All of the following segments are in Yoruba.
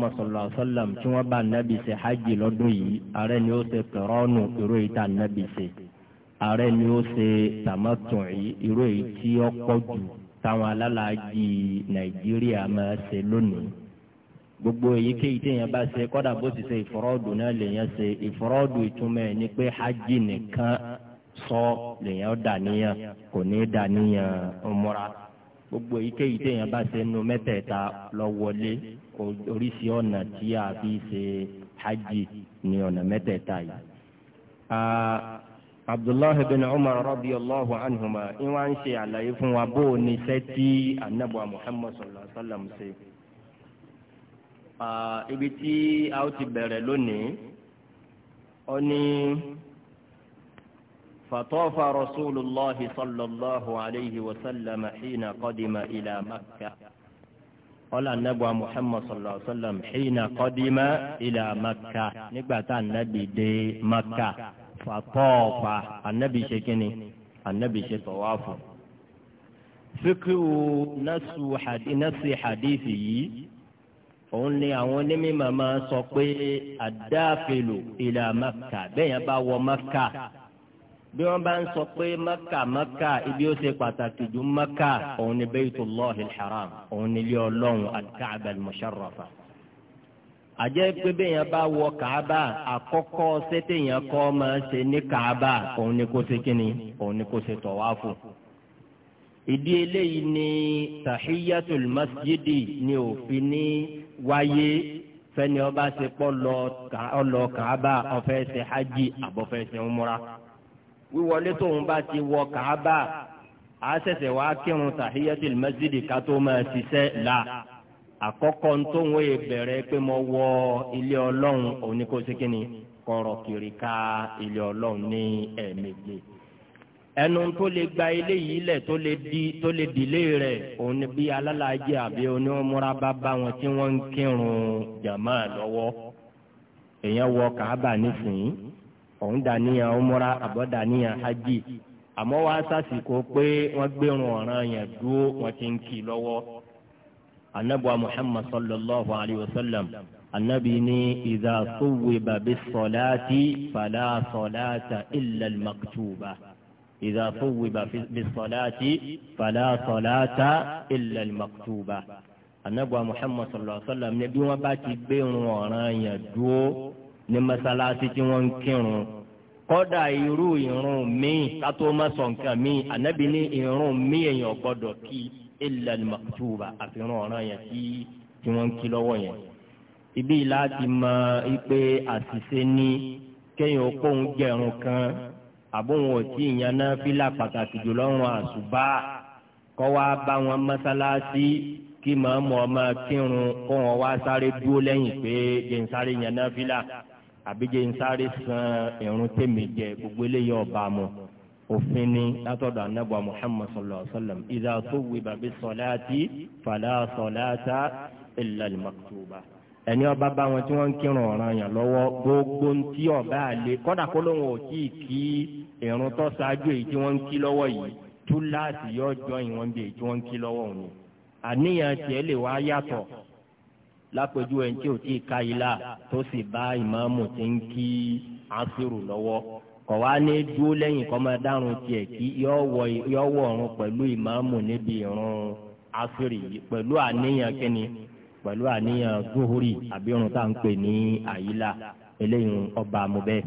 Muhammad sallallahu alaihi wa sallam tí wọ́n bá nábì ṣe hajj lọ́dún yìí ààrẹ ni ó ṣe kẹrọ́ọ̀nù irú èyí tá nábì ṣe ààrẹ ni ó ṣe tàmátùn yìí irú èyí tí ó pọ̀ jù táwọn alálàájì Nàìjíríà máa ṣe lónìí gbogbo èyíkéyìí téèyàn bá ṣe kọ́dà bó ti ṣe ìfọ́rọ́dù náà lèèyàn ṣe ìfọ́rọ́dù ìtumọ̀ ẹ̀ ni pé hajj nìkan sọ lèèyàn dàníyàn kò ní dàníyàn umrah gbogbo èyíkéyìí téèyàn bá ṣe nu mẹ́tẹ̀ẹ̀ta lọ wọlé oríṣi ọ̀nà tí a fi ṣe hajj ní ọ̀nà mẹ́tẹ̀ẹ̀ta yìí. abdullahi bin umar radiyallahu anhuma ìwà ń ṣe àlàyé fún wa bó o ní iṣẹ́ tí anabuwa muhammad sallallahu alaihi wa sallam ṣe. ibi tí a ó ti bẹ̀rẹ̀ lónìí ó ní. فطاف رسول الله صلى الله عليه وسلم حين قدم إلى مكة قال النبي محمد صلى الله عليه وسلم حين قدم إلى مكة نقبت النبي دي مكة فطاف النبي شكني النبي شطواف فقه نفس حديثه òun ni àwọn onímọ̀ máa sọ pé àdáfèlò ìlà maka bẹ́ẹ̀ yẹn bá wọ maka bí wọ́n bá ń sọ pé maka maka ibi ó ṣe pàtàkì ju maka òun ni baytullahil haram òun ni ilé ọlọ́run al-Ka'ba al-musharrafa. àjẹ́ pé bẹ́ẹ̀yàn bá wọ kàába àkọ́kọ́ sẹ́tẹ̀yàn kọ́ máa ṣe ní kàába òun ni kò ṣe kíni òun ni kò ṣe tọ̀wáfù. ìdí eléyìí ni tahiyatul masjidi ni òfin ní wáyé fẹ́ni ọba ṣe pọ́ lọ kàába ó ṣe hajj àbọ̀fẹ́ ṣe umura wíwọlé tóun bá ti wọ kàába a ṣẹ̀ṣẹ̀ wá kírun tahiyatul masjid ká tó máa ṣiṣẹ́ la àkọ́kọ́ tóun yẹ bẹ̀rẹ̀ pé mo wọ ilé ọlọ́run òní kó ṣe kínní kọ̀rọ̀ kiri ká ilé ọlọ́run ní ẹ̀ẹ̀méje ẹnu tó lè gba ilé yìí lẹ̀ tó lè di tó lè dìlé rẹ̀ òun bí alálàájẹ àbí onímọ̀ra bá wọn tí wọ́n ń kírun jàmáà lọ́wọ́ èèyàn wọ kàába nísìnyí òun dàníyàn umra àbọ̀ dàníyàn hajj àmọ́ wá sásìkò pé wọ́n gbẹ̀rùn ọ̀ràn yẹn dúró wọ́n ti ń kì í lọ́wọ́ anabuwa muhammad sallallahu alayhi wa sallam anabi ni idha suwiba bis-salati fala salata illa al-maktuba idha suwiba bis-salati fala salata illa al-maktuba anabuwa muhammad sallallahu alayhi wa sallam ni bí wọ́n bá ti gbẹ̀rùn ọ̀ràn yẹn dúró ní mọ́sálásí tí wọ́n ń kírun kọ́dà irú ìrun míì kátó má sọ nǹkan míì ànábì ní ìrun míì èèyàn gbọ́dọ̀ kí illa al àfihàn ọ̀ràn yẹn tí tí ń kí lọ́wọ́ yẹn. ibi láti mọ ipe àṣìṣe ní kéèyàn kóun jẹ̀rùn kan àbóhun òtí ìyẹn náà fílà pàtàkì jùlọ ń ran àṣùbà kọ́ wá bá wọn mọ́sálásí kí màmú ọmọ kírun kó wá sáré dúró lẹ́yìn pé jẹ́ yẹn náà fílà àbíjẹ́ ń sáré san irun tèmi jẹ gbogbo eléyìí ọba mu òfin ni látọ̀dọ̀ anábọ̀ muhammad sallallahu alayhi wa sallam idha thuwiba bi salati fala salata illa al-maktuba ẹni ọba bá wọn tí wọ́n ń kírun ọ̀ràn yàn lọ́wọ́ gbogbo ntí ọba àlè kódà kó lóun ò tí kí irun tó ṣáájú èyí tí wọ́n ń kí lọ́wọ́ yìí túláàsì yóò jọ bí èyí tí wọ́n ń kí lọ́wọ́ òun àníyàn tiẹ̀ lè wá yàtọ̀ lápẹjù ẹni tí ò tí ì ka ilá tó sì bá ìmáàmù tí ń kí àṣírù lọ́wọ́ kọ̀ wá ní dúró lẹ́yìn kọ́ máa dárun tiẹ̀ kí yọ wọ ọ̀run pẹ̀lú ìmáàmù níbi ìrun àṣírì pẹ̀lú àníyàn kínni pẹ̀lú àníyàn zuhuri àbí irun tá à ń pè ní àyílà eléyìí ọba àmúbẹ́.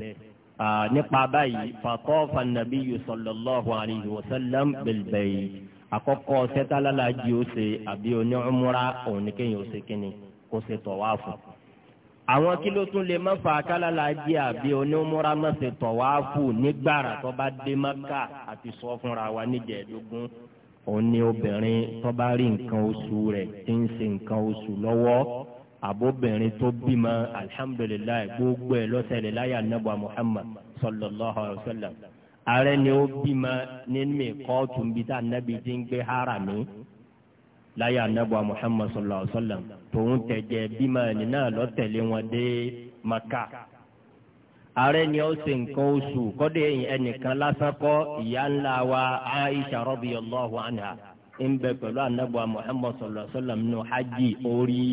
nípa báyìí fatafa nabiyyu sallallahu alayhi wa sallam bil bayt àkọ́kọ́ sẹ́tàlálà jí ó ṣe àbí oní umra òun ní kéèyàn ó ṣe kínni kó ṣe tọ̀wáàfù. àwọn kí ló tún lè má fa akálàlà jẹ́ àbí onímúra má ṣe tọ̀wáàfù nígbàrà tó bá dé mọ́kà àti sọ fúnra wa níjẹ̀ẹ́dógún òun ni obìnrin tó bá rí nǹkan oṣù rẹ̀ tí ń ṣe nǹkan oṣù lọ́wọ́ àbóbìnrin tó bímọ alihamudulilayi gbogbo ẹ̀ lọ́sẹ̀lẹ̀ láyà nàbà Muhammad sallallahu alayhi wa sallam ààrẹ ni ó bímọ nínú ìkọ́ọ̀tù níbi tá a nàbì ti ń gbé hàrà mi. láyé anabu muhammad sallallahu alaihi wa sallam tòun tẹ̀jẹ̀ bímọ ẹni wọn dé maka ààrẹ ni ó ṣe nǹkan oṣù kọ́dé ẹnìkan lásán kọ́ ìyá ńlá wa aisha radiyallahu anha ń bẹ pẹ̀lú anabu muhammad sallallahu alaihi wa sallam nù hajj orí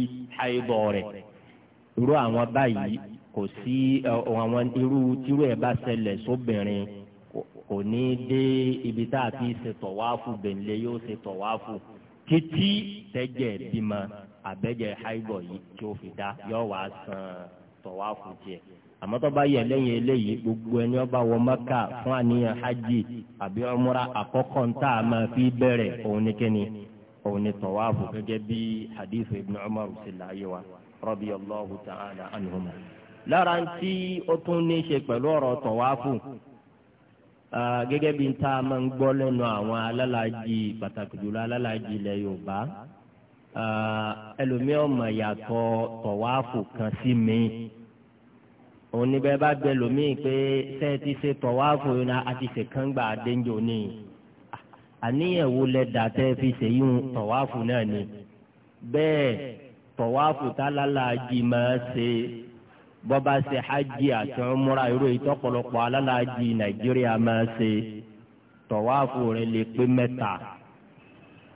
irú àwọn báyìí kò sí àwọn irú ẹ̀ bá ṣẹlẹ̀ ibi tá a ti yóò títí tẹ́jẹ̀ bímọ àbẹ́jẹ̀ haibọ̀ yìí tí ó fi dá yọ wá san tọ̀wáfù tiẹ̀ àmọ́ tó bá yẹ lẹ́yìn eléyìí gbogbo ẹni ó bá wọ Mẹ́kà fún àníyàn hajj àbí ọmúra àkọ́kọ́ ń tà máa fi bẹ̀rẹ̀ òun ní kíni òun ní tọ̀wáfù gẹ́gẹ́ bí hadith ibn Umar ṣe láàyè wa radiyallahu ta'ala anhuma. lára ń tí ó tún ní í ṣe pẹ̀lú ọ̀rọ̀ tọ̀wáfù gẹ́gẹ́ bí n ta máa ń gbọ́ lẹ́nu àwọn alálàájì pàtàkì jùlọ alálàájì ilẹ̀ Yorùbá ẹlòmíì ọmọ yàtọ̀ tọ̀wáàfù kan sí mi òun ni bẹ́ẹ̀ bá bẹ lòmíì pé ṣé ẹ ti ṣe tọ̀wáàfù yìí náà a ti ṣe kángbà dénjò ní àníyẹ̀wò lẹ́dà tẹ́ fi ṣèyí tọ̀wáàfù náà ni bẹ́ẹ̀ tọ̀wáàfù tá lálàájì máa ṣe bọ́ba ṣe hajj àti umra irú ìtọ́pọ̀lọpọ̀ alálàájì nàìjíríà máa ṣe tọ̀wáàfù rẹ̀ lè pé mẹ́ta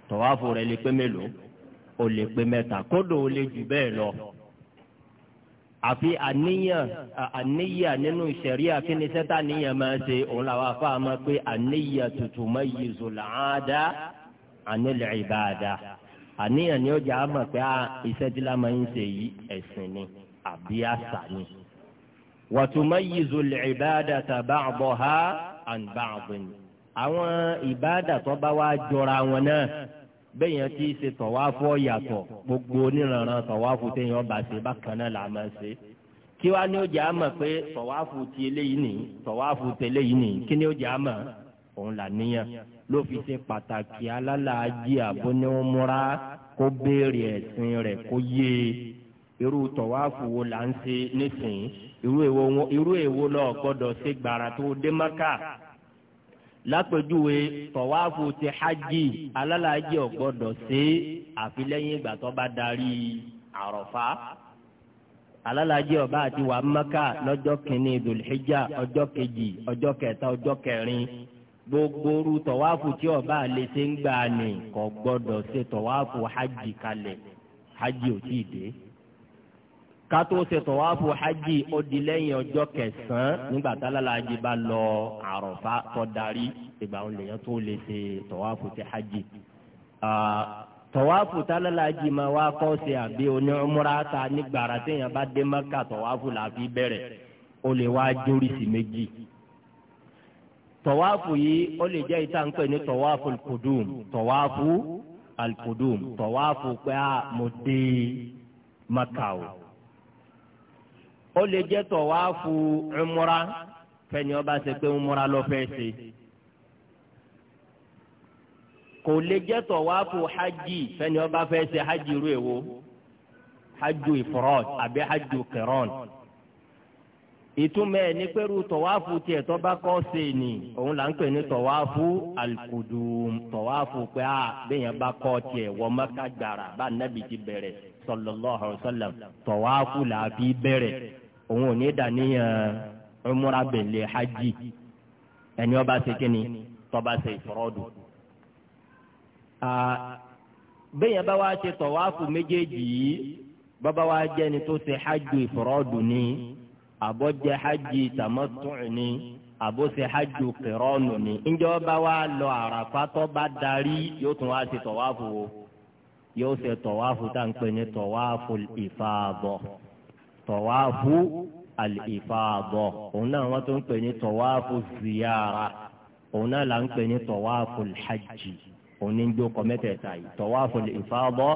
tọ̀wáàfù rẹ̀ lè pé mélòó o lè pé mẹ́ta kódò o lè jù bẹ́ẹ̀ lọ. àfi àníyàn àníyàn nínú ìṣẹ̀ríà kí ni sẹ́tà níyàn máa ṣe òun làwọn afáà máa pé àníyàn tuntun máa yí zòlá àádá ànílẹ̀ ìbáadá àníyàn ni ó jà á mọ̀ pé ah, iṣẹ́ lámà ń ṣe yìí ẹ̀sìn ni àbí àṣà ni. wàtúmáyìzò ìbáàdà tàbá àbọ̀ ha àǹbá àbọ̀ ni. àwọn ìbáàdà tó bá wá jọra wọn náà bẹ́ẹ̀ yẹn ti ṣe tọ̀wáfọ́ yàtọ̀ gbogbo oníranran tọ̀wáfọ́ téèyàn bá ṣe bákan náà là máa ṣe. kí wá ní ó jẹ́ àmọ̀ pé tọ̀wáfọ́ ti eléyìí nìyí tọ̀wáfọ́ tẹ̀léyìí nìyí kí ni ó àmọ̀ òun là níyàn ló fi ṣe pàtàkì alálàájì àbóníwòmúra kó béèrè ẹ̀sìn rẹ̀ kó yé e irú tọ̀wáfù wo là ń ṣe nísìnyí irú èwo irú èwo lọ gbọ́dọ̀ ṣe gbàrà tó dé Mákà tọ̀wáfù ti hajj alálàájì ò gbọ́dọ̀ ṣe ìgbà tó bá darí alálàájì ọba àti wà maka lọ́jọ́ kìíní dhul ọjọ́ kejì ọjọ́ kẹta ọjọ́ kẹrin gbogbo orú tọ̀wáfù tí ọba lè ṣe ń gbà ní kò gbọ́dọ̀ ṣe tọ̀wáfù hajj kátó ṣe tọ̀wáfù hajj ó di lẹ́yìn ọjọ́ kẹsàn-án nígbà tálálàájì bá lọ àròfá tó darí ìgbà òun lèyàn tó lè ṣe tọ̀wáfù ti hajj. tọ̀wáfù tálálàájì máa wá kọ́ ṣe àbí onírúmúra ta nígbàrà téèyàn bá dé mọ́kà tọ̀wáfù làbí bẹ̀rẹ̀ ó lè wá jórísì méjì. tọ̀wáfù yìí ó lè jẹ́ ìta ń pè ní tọ̀wáfù kùdùm tọ̀wáfù alkudum tọ̀wáfù pé a mo dé mọ́kà o ó lè jẹ́ tọ̀wáfù umra fẹ́ni ọba ṣe pé umra ló fẹ́ ṣe kò lè jẹ́ tọ̀wáfù hajj fẹ́ni ọba fẹ́ ṣe hajj irú èwo hajj ifrad àbí hajj qiran ìtumọ̀ ẹ̀ ní pẹ́rú tọ̀wáfù tiẹ̀ tó bá kọ́ ṣe ni òun là ń pè ní tọ̀wáfù alqudum tọ̀wáfù pé a bẹ́yẹn bá kọ́ tiẹ̀ wọ́n Mẹ́kà gbàrà bá nàbì bẹ̀rẹ̀ sallallahu alaihi wasallam tọ̀wáfù là á fi bẹ̀rẹ̀ òun ò ní dàníyàn umra bèlè hajj ẹni ọba ṣe kíni tọba ṣe ìfọrọdù. bẹ́ẹ̀ yẹn bá wá ṣe tọ̀wáfù méjèèjì yìí bàbá wa jẹ́ ni tó ṣe hajj ìfọrọdù ni àbọ̀ jẹ́ hajj tamattu ni àbọ̀ ṣe hajj qiranu ni. ǹjẹ́ ọba wa lọ àràfà tó darí yóò tún wá ṣe tọ̀wáfù o yóò ṣe tọ̀wáfù tá à ń pè ní tọ̀wáfù ìfàbọ̀ tọ̀wáàfù al-ifada òun náà wọ́n tó ń pè ní tọ̀wáàfù ziyara òun náà là ń pè ní tọ̀wáàfù hajj òun ní jókòó mẹ́tẹ̀ẹ̀ta yìí tọ̀wáàfù al-ifada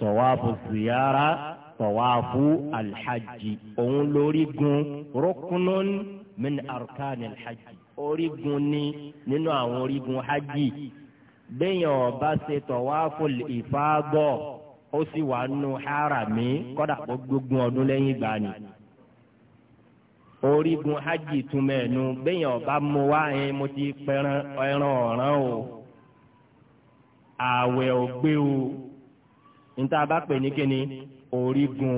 tọ̀wáàfù ziyara tọ̀wáàfù al-hajj òun lórí gun rukunun min arkanil hajj orígun ni nínú àwọn orígun hajj bẹ́ẹ̀ yẹn ọba ṣe tọ̀wáàfù al ó sì wà nù harami kọ́dà kó gbógun ọdún lẹ́yìn ìgbà ni orígun hajj túmẹ̀ nù bẹ́yìn ọba mu wá yẹn mo ti pẹran ẹran ọ̀ràn o ààwẹ̀ ò gbé o níta bá pè ní kíni orígun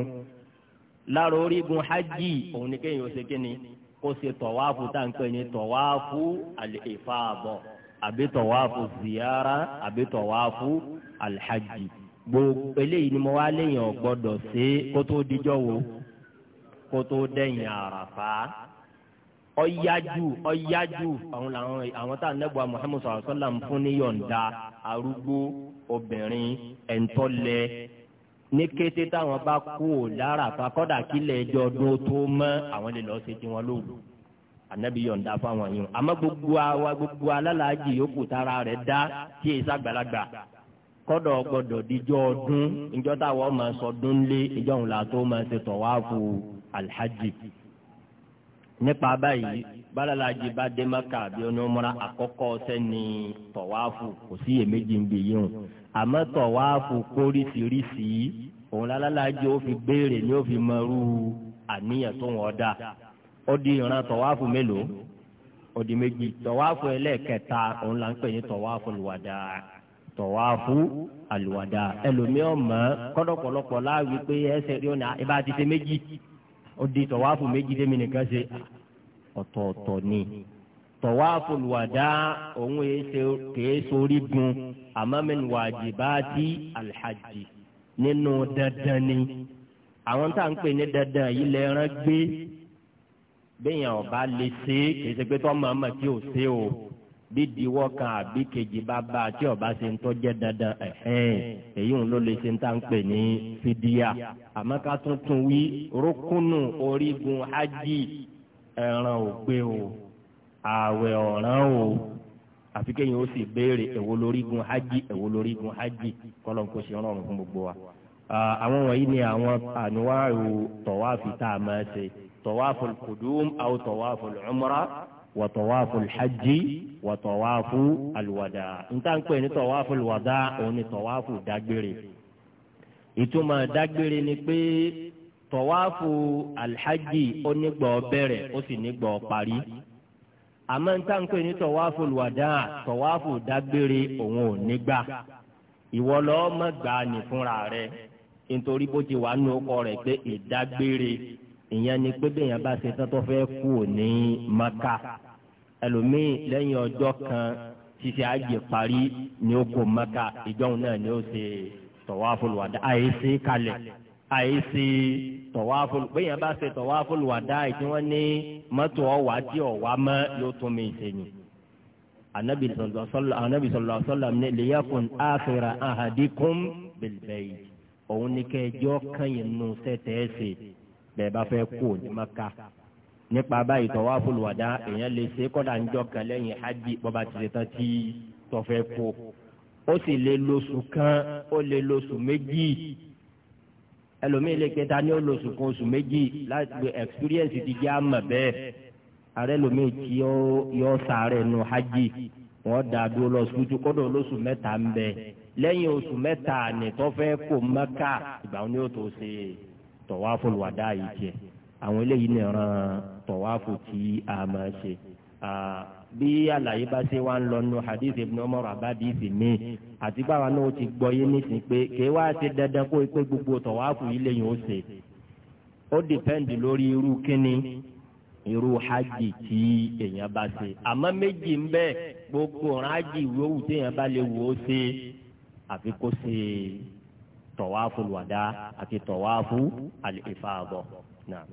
lára orígun hajj òun ni kéèyàn ṣe kíni kó ṣe tọ̀wáàfù tá n pè ní tọ̀wáàfù al-ifada àbí tọ̀wáàfù ziyara àbí tọ̀wáàfù al-hajj. al gbogbo eléyìí ni mo wá léyìn ọ̀gbọ́dọ̀ sí kó tó dijọ́ wo kó tó dẹ̀yìn àràfà ọ̀yájú ọ̀yájú àwọn làwọn àwọn tá à ń lẹ́bùn Muhammad sallallahu alaihi wasallam fún ní yọ̀ǹda arúgbó obìnrin ẹ̀ńtọ́lẹ̀ ní kété táwọn bá kú ò lára àfakọ́dà kílẹ̀ ẹjọ́ ọdún tó mọ́ àwọn lè lọ́ọ́ ṣe tí wọ́n lóòlù yọ̀ǹda fáwọn yìí àmọ́ gbogbo àwa gbogbo alálàájì yòókù tára rẹ̀ dá tí èyí sàgbàlagbà kọ́dọ̀ gbọ́dọ̀ díjọ́ ọdún ìjọ táwọn máa sọdún lé ìjọ òun là tó máa ṣe tọ̀wáàfù alhaji nípa báyìí bálàlájì bá dé maka bí onímọ̀ra àkọ́kọ́ sẹ́ni tọ̀wáàfù kò sí iyèméjì ń bì yín o àmọ́ tọ̀wáàfù kórìsìrìsì òun lálàlájì ó fi béèrè ni ó fi mọ̀rú àníyàn tó wọ́n dá ó di ìran tọ̀wáàfù mélòó ó di méjì tọ̀wáàfù ẹlẹ́ẹ̀kẹta òun là ń pè ní tọ̀wáàfù lùwàdà tọ̀wáfù àlùwàdà ẹlòmíì ọ̀mọ́ kọ́dọ̀pọ̀lọpọ̀ láàwí pé ẹsẹ̀ rí ọ̀nà ibà ti ṣe méjì ó di tọ̀wáfù méjì tẹ́mi nìkan ṣe ọ̀tọ̀ọ̀tọ̀ ni tọ̀wáfù àlùwàdà òun kèé sórí gun àmọ́ min wàjibáti nínú dandan ni àwọn tá à ń pè ní dandan yìí lẹ́ẹ̀rán gbé bẹ́ẹ̀ yẹn ọba lè ṣe kèé ṣe pé tọ́ màmá tí ò ṣe o dídìwọ́ kan àbí kejì bá bá a tí ọba ṣe ń tọ́jẹ́ dandan ẹ̀hẹ́n èyí ń ló lè ṣe ń tà ń pè ní fídíà àmọ́ ká tuntun wí rúkúnù orígun hajj ẹ̀ràn ò pé o ààwẹ̀ ọ̀ràn o àfi kéyìn ó sì béèrè èwo lórígun hajj èwo lórígun hajj kọ́lọ́n kó ṣe rọrùn fún gbogbo wa. àwọn wọ̀nyí ni àwọn àníwáàrò tọ̀wáàfù tá a máa ṣe tọ̀wáàfù kùdùm àwọn tọ̀wáàfù umrah wàtọ̀wáfù hajji wàtọ̀wáfù àlùwàdà ntànkpé ní tọ̀wáfù àlùwàdà òun ni tọ̀wáfù dágbére ìtumọ̀ dágbére ni pé tọ̀wáfù alhajji ó nígbà bẹ̀rẹ̀ ó sì nígbà parí àmọ́ ntànkpé ní tọ̀wáfù àlùwàdà tọ̀wáfù dágbére òun ò nígbà ìwọ lọ́ọ́ mọ̀ gbà ní fúnra rẹ nítorí bó ti wà nù ọkọ rẹ pé ìdágbére ìyẹn ni pé bẹ́ẹ̀ yẹn bá ṣe tán fẹ́ kú ní maka ẹlòmíì lẹ́yìn ọjọ́ kan títí àjẹ parí ni ó kò mẹ́ka ìjọ́hun náà ni ó ṣe tawaful wada àìsí kalẹ̀ àìsí tawaful bẹ́ẹ̀ yẹn bá ṣe tawaful wada tí wọ́n ní mọ́tò ọ̀wá tí ọ̀wá mọ́ yóò tún mi ṣe ni. anabi sallallahu sallam ní liyakun akhira ahadikum bil bayt òun ní kẹjọ́ kan yẹn nù sẹ́tẹ̀ẹ́sì bẹ́ẹ̀ bá fẹ́ kú ní mẹ́ka nípa báyìí tawaful wada èèyàn lè ṣe kọ́dà ńjọ kan lẹ́yìn hajj bọ́ba ti ṣe tán tí tọ́fẹ́ kó ó sì lè lóṣù kan ó lè lóṣù méjì ẹlòmíì lè kẹta ní ó lóṣù kan oṣù méjì láti experience ti jẹ́ àmọ̀ bẹ́ẹ̀ ààrẹ lòmíì tí yọ sàárẹ̀ nu hajj wọ́n dà dúró lọ sùkútù kọ́dọ̀ lóṣù mẹ́ta ń bẹ lẹ́yìn oṣù mẹ́ta nìtọ́fẹ́ kò Mẹ́kà ìgbà wọn ni ó tó ṣe tawaful wada yìí tiẹ̀ àwọn eléyìí ní ọ̀ràn tọ̀wáfù tí a máa ṣe. bí àlàyé bá ṣe wá ń lọ nu hadith ibn Umar abadith mi àti báwa náà ti gbọ́ yé nísìnyí pé kèé wá ṣe dandan kó pé gbogbo tọ̀wáfù yìí lẹ́yìn ó ṣe. ó dìpẹ́ǹdì lórí irú kíni irú hajj tí èèyàn bá ṣe. àmọ́ méjì ń bẹ gbogbo hajj yòówù téèyàn bá lè wò ó ṣe àfi kó ṣe tọ̀wáfù wàdá àti tọ̀wáfù al-ifada náà.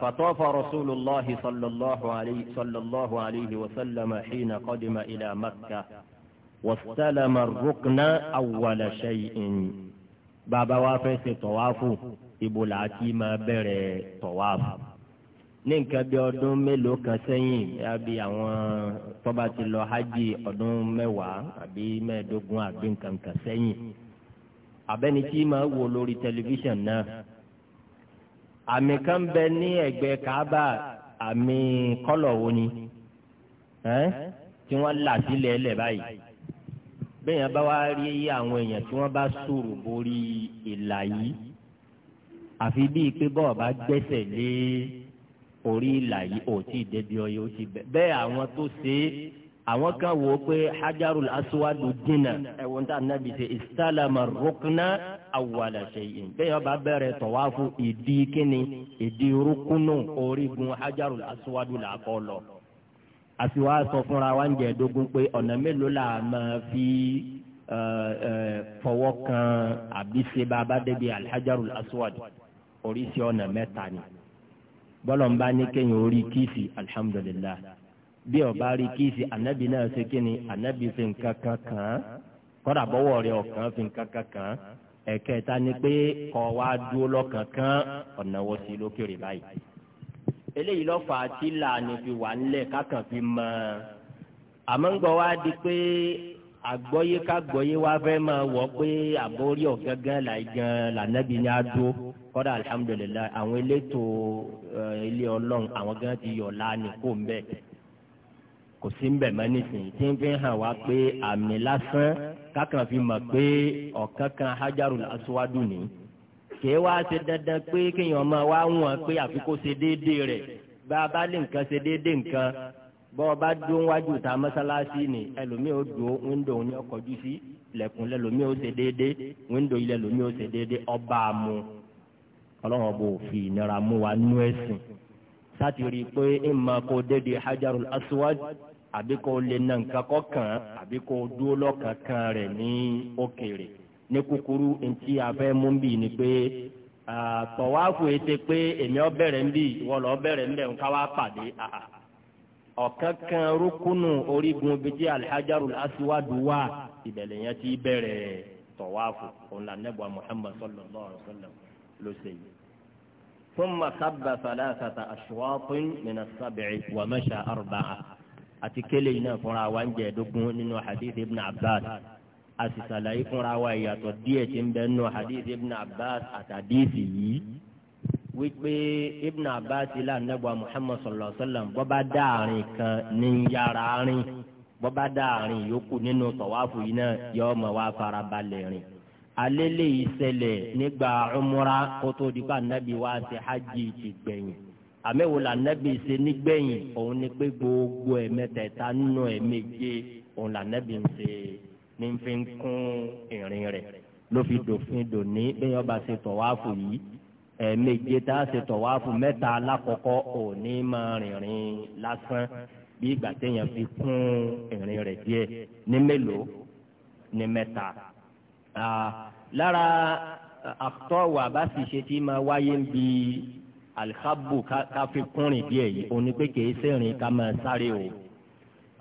فطاف رسول الله صلى الله عليه, صلى الله عليه وسلم حين قدم إلى مكة واستلم الركن أول شيء بابا وافي طواف ibo la ti máa bẹ̀rẹ̀ tọ̀wáàfù ní nǹkan bí ọdún mélòó kan sẹ́yìn àbí àwọn tọ́ba ti lọ hajj ọdún mẹ́wàá àbí mẹ́ẹ̀ẹ́dógún àbí nǹkan kan sẹ́yìn abẹ́ni tí máa wò lórí tẹlifíṣàn náà àmì kan bẹ ní ẹ̀gbẹ́ Kaaba àmì kọ́lọ̀ wo ni tí wọ́n là sílẹ̀ ẹlẹ̀ báyìí bẹ́ẹ̀yàn bá wá rí àwọn èèyàn tí wọ́n bá sòrò borí ìlà yìí àfi bíi pé bọ́ọ̀ bá gbẹ́sẹ̀ lé orí ìlà yìí ò tí ì débi ọyọ ó ti bẹ́ẹ̀ àwọn tó ṣe é àwọn kan wò ó pé hajarul aswadu dínà ẹ̀wọ̀n tá a nàbì ṣe istalama rukna awwala shay'in bẹ́ẹ̀ ọba bẹ̀rẹ̀ tọ̀wáfù ìdí kínní ìdí rúkúnù orígun hajarul aswadu là kọ́ lọ. àfiwá sọ fúnra wa ń jẹ́ẹ̀dógún pé ọ̀nà mélòó là máa fi fọwọ́ kan àbí bàbá débi alhajarul aswadu oríṣi ọ̀nà mẹ́ta ni bọ́lọ̀ ń bá ní kéèyàn orí kìsì alhamdulillah bí ọba rí kíìsì ànábì náà ṣe kí ni ànábì fi nǹkan kan kàn án kọ́dà bọ́wọ́ rẹ̀ ọ̀kan fi nǹkan kan kàn án ẹ̀kẹta ni pé kọ́ wa dúró lọ́kàn kan ọ̀nà wo sí lókèrè báyìí. eléyìí ló fà á tí làánì fi wà ńlẹ̀ kákan fi mọ́ ọ. àmọ́ ń gbọ́ wá di pé àgbọ́yé kágbọ́yé wá fẹ́ máa wọ̀ pé àbórí ọ̀gángan làì gan lànàbí ni á dúró kọ́dà alihamudulilayi àwọn elétò ilé ọlọ́run àwọn gan ti yọ̀ lánìí kò ń bẹ́ẹ̀. kò sí ń bẹ̀ mọ́ nísìnyí tí ń fi hàn wá pé àmì lásán kákan fi mọ̀ pé ọ̀kan kan hajarul aswadu ni kèé wá ṣe dandan pé kéèyàn máa wá wọn pé àfi kó ṣe déédéé rẹ̀ bá a bá lè nǹkan ṣe déédéé nǹkan bọ́ ọ bá dó wájú ta mọ́sálásí ni ẹlòmíì ó do wíńdò ní ọkọ̀ sí lẹ̀kùn lẹ́lòmíì ó ṣe déédéé wíńdò ilẹ̀ lòmíì ó ṣe déédéé ọba àmú ọlọ́run ọba òfin ìnira mú wa nú ẹ̀sìn pé ìmọ̀ kó déédéé hajarul aswad àbí kò lè nà nǹkan kọ́ kàn án àbí kò dúró lọ́kàn kan rẹ̀ ní òkèèrè ní kúkúrú ntí afẹ́ mú bì ní pé tọ̀wáfù yìí ti pé èmi ọ ń bì wọ́n lọ bẹ̀rẹ̀ ń bẹ̀ ń ká wá pàdé ọ̀kan kan rúkúnù orígun bíi ti alihajaru asiwadu wa ìbẹ̀lẹ̀ yẹn ti bẹ̀rẹ̀ tọ̀wáfù òun là nẹ́bùa Muhammad sallallahu alaihi wasallam ló ṣe yìí. ثم سب ثلاثة àti kélé yìí náà fúnra wa ń jẹ́ ẹ̀dógún nínú hadith ibn abbas a sì ṣàlàyé fúnra wa ìyàtọ̀ díẹ̀ tí ń bẹ nínú hadith ibn abbas àtàdíìsì yìí wípé ibn abbas ilà nẹ́gbà muhammad sallallahu alaihi wasallam bọ́bá dáàrin kan ní yàrá rìn bọ́bá dáàrin yòókù nínú tọ̀wáfù yìí náà yọ ọmọ wa farabalẹ̀ rìn alẹ́ lè ṣẹlẹ̀ nígbà umra kótó dípà nàbí wa ti hajj ti gbẹ̀yìn àmẹ́wò là nẹ́bí ṣe nígbẹ̀yìn òun ni pé gbogbo ẹ̀mẹ́tẹ̀ẹ̀ta nínú ẹ̀mẹ́je òun là nẹ́bí ń ṣe ní fi ń kún ìrìn rẹ̀ ló fi dòfin dòní bẹ́ẹ̀ ọba ṣe tọ̀wáfù yìí ẹ̀ẹ̀méje tá a ṣe tọ̀wáfù mẹ́ta alákọ̀ọ́kọ́ ni máa rìnrìn lásán bí ìgbà téèyàn fi kún ìrìn rẹ̀ díẹ̀ ní mélòó ní mẹ́ta. Ah, lára àtọ̀wà bá tí máa wáyé ń bi alikabu káfi kúnrin díẹ̀ yìí òní pé kìí sẹ́rìn ká máa sáré o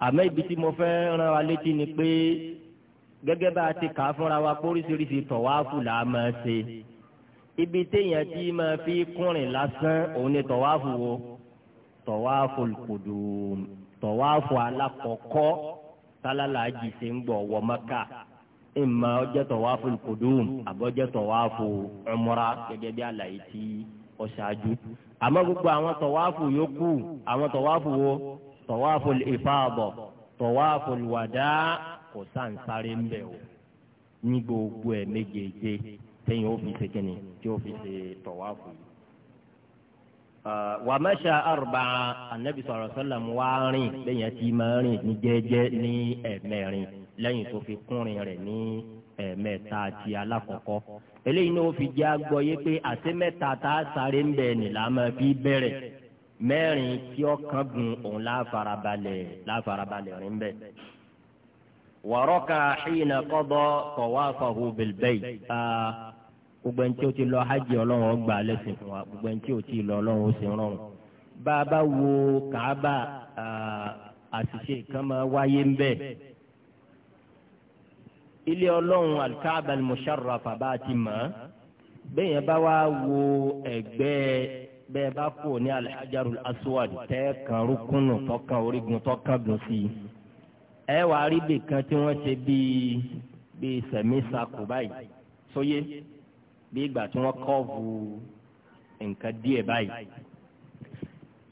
àmọ́ ibi tí mo fẹ́ rán wa létí ni pé gẹ́gẹ́ bá a ti kà á fúnra wa póríṣiríṣi tọ̀wáfù là á máa ṣe ibi téèyàn ti máa fi kúnrin lásán òun ni tọ̀wáfù wo tọ̀wáfù kudum tọ̀wáfù alákọ̀ọ́kọ́ tálálà jì ṣe ń gbọ̀ wọ Mẹ́kà ìmọ̀ ọjọ́ tọ̀wáfù kudum àbọ̀jọ́ tọ̀wáfù umra gẹ́gẹ́ bí àlàyé tí ọ̀ṣáájú àmọ́ gbogbo àwọn tọ̀wáàfù yòókù àwọn tọ̀wáàfù wo tọ̀wáàfù ìfàbọ̀ tọ̀wáàfù wàdá kò sáǹsáré ń bẹ̀ o ní gbogbo ẹ̀ méjèèjì tẹ̀yìn ó fi ṣe kíni tí ó fi ṣe tọ̀wáàfù yìí. wà mẹ́ṣà àrùbá ànábì sọ̀rọ̀ sọ́lá mu wá rìn lẹ́yìn tí máa rìn ní jẹ́jẹ́ ní ẹ̀mẹ́rin lẹ́yìn tó fi kúnrin rẹ̀ ní ẹ̀ẹ̀mẹ́ta àti alákọ̀ọ́kọ́ eléyìí ni ó fi jẹ́ agbọ́yé pé àti mẹ́ta tá a sáré ń bẹ̀ ni là máa fi bẹ̀rẹ̀ mẹ́rin tí ó kán gun òun láfarabalẹ̀ láfarabalẹ̀ rìn bẹ́ẹ̀. wàrọ́kà hìnà kọ́dọ̀ tawafahu bil bayt gbogbo ẹni tí ó ti lọ hajj ọlọ́run ọgbà lẹ́sìn fún wa gbogbo ẹni tí ó ti lọ ọlọ́run ó sì rọrùn. bá a bá wo kàába àṣìṣe kan máa wáyé ń bẹ́ẹ̀ ilé ọlọ́run alikaaba al-musharrafa bá a ti mọ̀ ọ́ bẹ́ẹ̀ yẹn bá wá wo ẹ̀gbẹ́ bẹ́ẹ̀ bá kú ní alhajarul aswad tẹ́ kan rúkúnù tọ́kan orígun tọ́kan dùn sí i ẹ wà á rí ibì tí wọ́n ṣe bíi bíi sẹ̀mísàkó báyìí sóyè bí ìgbà tí wọ́n kọ́ọ̀bù nǹkan díẹ̀ báyìí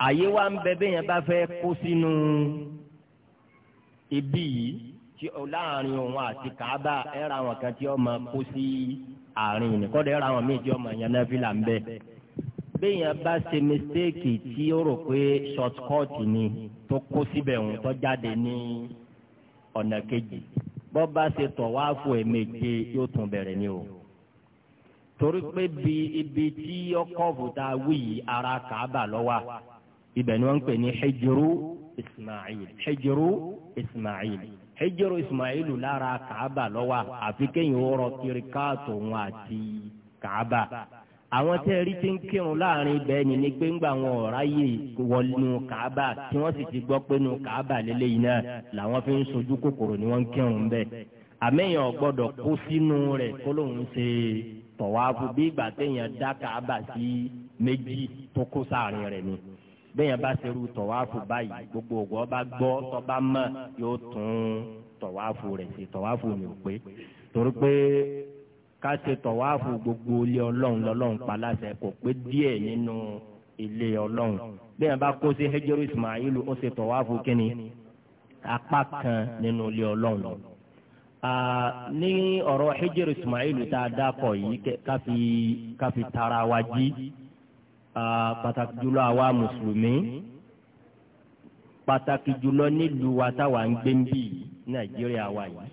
àyè wa ń bẹ bẹ́ẹ̀ yẹn bá fẹ́ kó sínú ibí yìí tí o láàrin òun àti Kaaba ẹ ra àwọn kan tí ó máa kó sí àárín nìkọ́dọ̀ ẹ ra àwọn míì tí ó máa yan náfìlà ń bẹ. béèyàn bá ṣe mistéèkì tí ó rò pé shortcut ni tó kó síbẹ̀ òun tó jáde ní ọ̀nà kejì bọ́ bá ṣe tọ̀ wá fún ẹ̀mẹ̀je yóò tún bẹ̀rẹ̀ ni o torí pé bi ibi tí ọkọ̀ọ̀bù ta wí yìí ara Kaaba ló wà ibẹ̀ ni wọ́n ń pè ní Hijiru Ismail Hijiru Ismail hijiro ismailu lára kaaba lọ́wọ́ àfi kéyìn ọ̀rọ̀ kiri káàtó wọn àti kaaba àwọn tẹ́ rí ti ń kírun láàrin ibẹ̀ ni ni pé ńgbà wọn ọ̀rá yìí wọnú kaaba tí wọ́n sì ti gbọ́ pé nu kaaba lélẹ́yìn náà làwọn fi ń sojú kòkòrò ni wọ́n ń kírun bẹ́ẹ̀ àmẹ́yìn ọ̀gbọ́dọ̀ kó sínú rẹ̀ kó lóun ṣe tọ̀wáfù bí ìgbà téèyàn dá kaaba sí méjì tó kó sáàrin rẹ̀ ni bẹ́ẹ̀ bá ṣerú tọ̀wáfù báyìí gbogbo ògùn ọba gbọ́ tọba mọ̀ yóò tún tọ̀wáfù rẹ̀ sí tọ̀wáfù mi ò pé torí pé ká ṣe tọ̀wáfù gbogbo ilé ọlọ́run lọ́lọ́run paláṣẹ kò pé díẹ̀ nínú ilé ọlọ́run bẹ́ẹ̀ bá kó sí hejuru ismail ó ṣe tọ̀wáfù kínní apá kan nínú ilé ọlọ́run lọ. ní ọ̀rọ̀ hejuru ismail tá a dákọ̀ yìí ká tara wa jí. Ah, pàtàkì jùlọ àwa mùsùlùmí pàtàkì jùlọ nílùú wa táwa ń gbé ń bì nàìjíríà wa yìí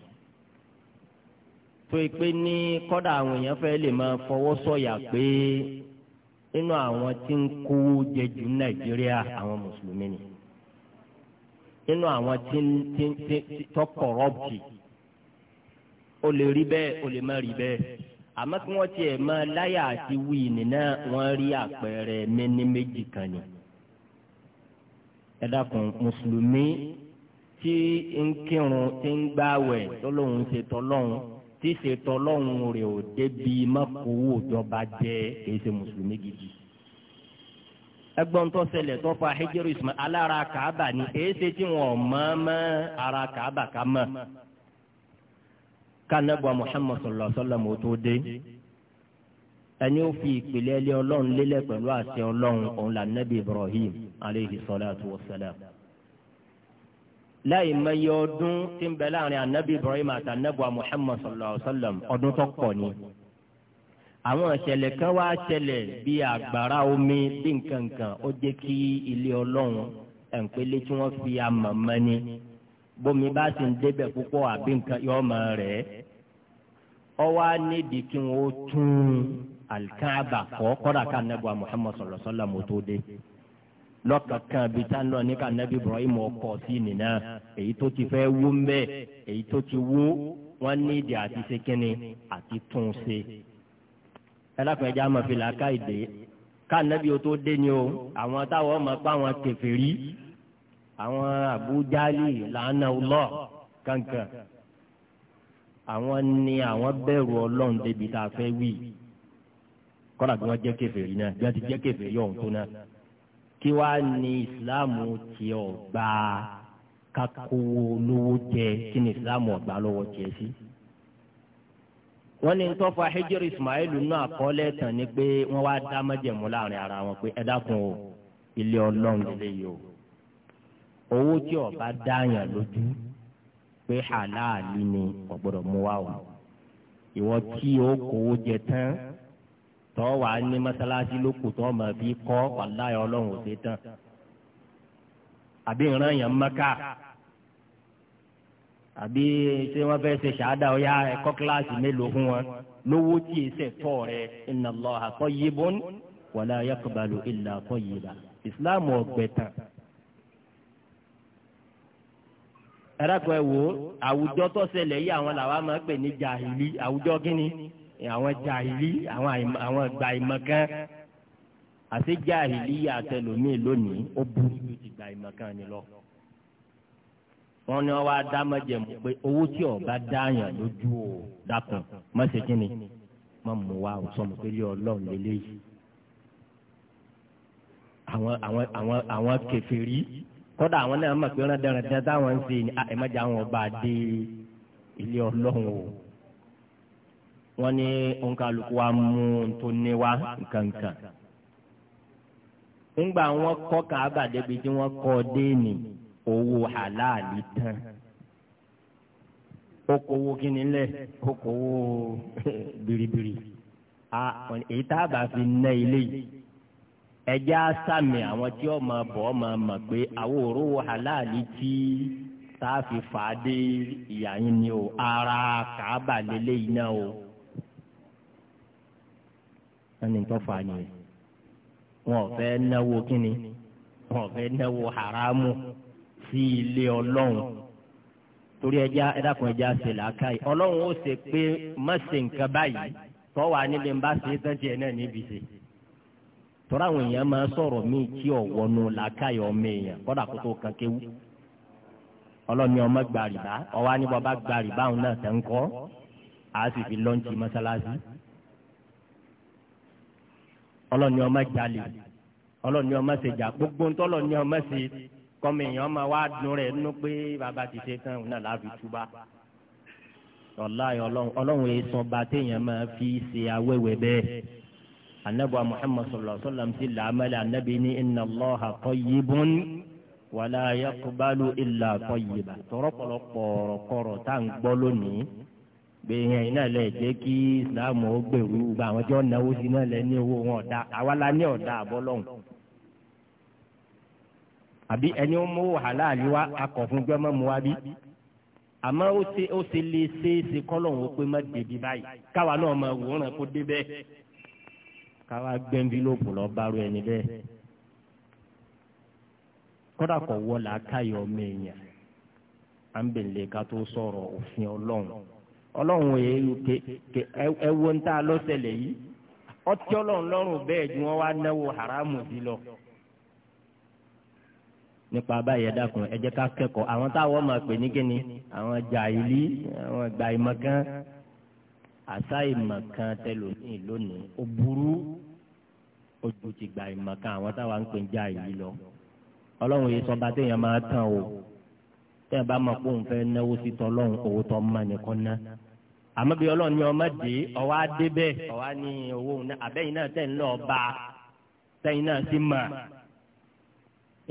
tó yìí pé ní kọ́dà àwọn èèyàn fẹ́ lè máa fọwọ́ sọ̀yà pé nínú àwọn tí ń kó jẹjù nàìjíríà àwọn mùsùlùmí ni nínú àwọn tí ń tí ń tí tọkọrọbì ó lè rí bẹ́ẹ̀ ó lè má rí bẹ́ẹ̀ àmọ́ kí wọ́n tiẹ̀ máa láyà àti wí nínú wọ́n rí àpẹẹrẹ mẹ́ni méjì kan ni. ẹ dákun mùsùlùmí tí ń kírun tí ń gbààwẹ̀ tọ́lọ́hún ṣe tọ́lọ́hún tí ṣe tọ́lọ́hún rẹ̀ ò débi mọ́kòwò ìjọba jẹ́ èyí ṣe mùsùlùmí gidi. ẹgbọ́n tó ṣẹlẹ̀ tó fa hijiru ismail alára kàábà ni èyí ṣe tí wọ́n mọ́ mọ́ ara kàábà ká mọ́ kánẹ́bù Muhammad sallallahu alaihi wasallam tó dé ẹni ó fi ìpìlẹ̀ ilé ọlọ́run lélẹ̀ pẹ̀lú àṣẹ ọlọ́run òun là nẹ́bí Ibrahim aleyhi salatu wassalam láì mẹyẹ ọdún tí ń bẹ láàrin anabi Ibrahim àti anabi Muhammad sallallahu alaihi wasallam ọdún tó pọ̀ ni àwọn ìṣẹ̀lẹ̀ kan wá ṣẹlẹ̀ bí àgbàrá omi bí nǹkan ó jẹ́ kí ilé ọlọ́run ẹ̀ǹpẹ́lẹ́ tí wọ́n fi amọ̀ mẹ́ni bómi bá sì ń débẹ̀ púpọ̀ àbí nǹkan yọ ọmọ rẹ̀ ọwọ́ nídìí kí wọ́n tún alikaaba kọ́ kọ́dà ká nẹ́bù Muhammad sallallahu alaihi wasallam tó dé lọ́kàkàn bí tá náà ní ká nẹ́bí Ibrahim ọkọ̀ sí nìyẹn èyí tó ti fẹ́ wú ń bẹ́ẹ̀ èyí tó ti wú wọ́n nídìí àti ṣe kínní àti tún ṣe ẹlẹ́kùn ẹja máa fi làákà ìdè ká nẹ́bí o tó dé ni o àwọn táwọn ọmọ pa àwọn kèfèrí àwọn abujali làánà ọlọ kankan àwọn ni àwọn bẹ̀rù ọlọ́run débi tá a fẹ́ wí kọ́nà bí wọ́n jẹ́ kèfèrí náà bí wọ́n ti jẹ́ kèfèrí ọ̀hún tó náà kí wá ní ìsìláàmù tí ó gbà kakowó lówó jẹ kí ni ìsìláàmù ó gbà lọ́wọ́ jẹ sí. wọ́n ní tọ́fà hijr ismail náà kọ́lẹ̀ tán ni pé wọ́n wá dá májẹ̀mú láàrin ara wọn pé ẹ dákun o ilé ọlọ́run lè o owó tí ọba dáyàn lójú pé halali ni ọ̀gbọ́dọ̀ mú wa o ìwọ tí o kówó jẹ tán tọ́ wà ní mọ́sálásí lóko tó máa fi kọ́ wàláyà ọlọ́run ò ṣe tán àbí ìran yẹn mẹ́ka àbí ṣé wọ́n fẹ́ ṣe ṣáádà ọ̀yá ẹ̀kọ́ kíláàsì mélòó fún wọn lówó tí èsè tọ́ rẹ inna Allaha tayyibun wala yaqbalu illa tayyiba ìsìláàmù ọ̀gbẹ̀tàn ẹ̀rọ̀kọ̀ ẹ̀ wò àwùjọ tó ṣẹlẹ̀ yìí àwọn làwọn máa ń pè ní jàhìlì àwùjọ kínní àwọn jàhìlì àwọn ìgbà ìmọ̀kan àti jàhìlì àtẹlómìn lónìí ó burú ju ti ìgbà ìmọ̀kan ni lọ. wọ́n ní wọ́n wá dá mọ́jẹ̀mú pé owó tí ọba dáàyàn lójú ò dákun mọ́sẹ̀ kínní mọ́ mú wa ò sọ pé lé ọlọ́run lélẹ́yìí àwọn àwọn àwọn kódà àwọn náà mọ̀ pé wọ́n dára dára táwọn ń sìn ẹ̀mẹ́jà wọn bá dé ilé ọlọ́run o wọ́n ní òǹkàlùkù wa mú un tó ní wa nkankan ńgbà wọn kọ́ káàbà débi tí wọ́n kọ́ déènì owó tán okòwò kìíní biribiri èyí tá a fi ná ilé ẹja sàmì àwọn tí ó máa bọ̀ ọ́ máa mọ̀ pé àwọn òróró halali tí tá a fi fà á dé ìyá yín ni o ara kàábà lélẹ́yìn náà o ẹni tó fà á nìyẹn wọn ò fẹ́ náwó kínni wọn ò fẹ́ náwó haramu sí ilé ọlọ́run torí ẹja ẹdákun ẹja ṣe làákàyè ọlọ́run ó ṣe pé má ṣe nǹkan báyìí tọ́wọ́ anílẹ̀ ń bá ṣe é tán tiẹ̀ náà níbi ṣe. Tora àwọn èèyàn máa sọ̀rọ̀ míì tí ọ̀wọ́nu làákàyọ̀ ọmọ èèyàn kọ́dà kó tó kan kéwú ọlọ́ni ọmọ gba rìbá ọwọ́ á ní bọ́ bá gba rìbá òun náà tẹ̀ ń kọ́ á sì fi lọ́ǹtì mọ́sálásí ọlọ́ni ọmọ jalè ọlọ́ni ọmọ ṣèjà gbogbo ntọ́lọ́ni ọmọ ṣe kọ́mi èèyàn ọmọ wa dùn rẹ̀ nínú pé bàbá ti ṣe tán òun náà láàbì túbá ọ̀la ọlọ́run èso bá anabu muhammad sallallahu alaihi wa sallam ti làmàlẹ anabi ní inna allaha tayyibun wàlá yakubalu illa tayyiba tọrọpọlọpọ ọrọkọrọ tá à ń gbọ́ lónìí gbẹ̀yìn iná lẹ̀ jẹ́ kí islam ó gbèrú gba àwọn tí wọ́n náwó sí iná lẹ̀ ní owó wọn ọ̀dà àwa la ní ọ̀dà àbọ́lọ́hùn. àbí ẹni ó mú halal wa akọ̀ fún gbé ọmọ mu wa bí. àmọ́ ó ṣe ó ṣe lè ṣe kọ́lọ́hún ó pé má débi báyìí káwa náà máa wòran kó débẹ̀ káwá gbé envelope lọ bárò ẹni bẹ́ẹ̀ kódà kò wọ làákàyọ ọmọ à ń bèlè ká tó sọ̀rọ̀ òfin ọlọ́run ọlọ́run ke ké ẹ wo ń tá a lọ́sẹ̀lẹ̀ yìí ọtí ọlọ́run lọ́rùn bẹ́ẹ̀ wọ́n wá náwó haramu sí lọ. nípa báyìí ẹ̀dá kan ká kẹ́kọ̀ọ́ àwọn táwọn máa pè ní kíni àwọn àwọn àṣà ìmọ̀kan tẹlòmíì lónìí ó burú ojú ti gba ìmọ̀kan àwọn táwa ń pè ń já yìí lọ ọlọ́run yìí sọba téèyàn máa tàn o téèyàn bá mọ̀ pé òun fẹ́ náwó sí tọ́lọ́run owó tọ́ mọ́ nìkan ná àmọ́ bí ọlọ́run ní ọmọ dé ọwọ́ adé bẹ́ẹ̀ ọwọ́ ní owó náà àbẹ́yìn náà tẹ̀ ń lọ bá tẹ̀yìn náà sì mọ̀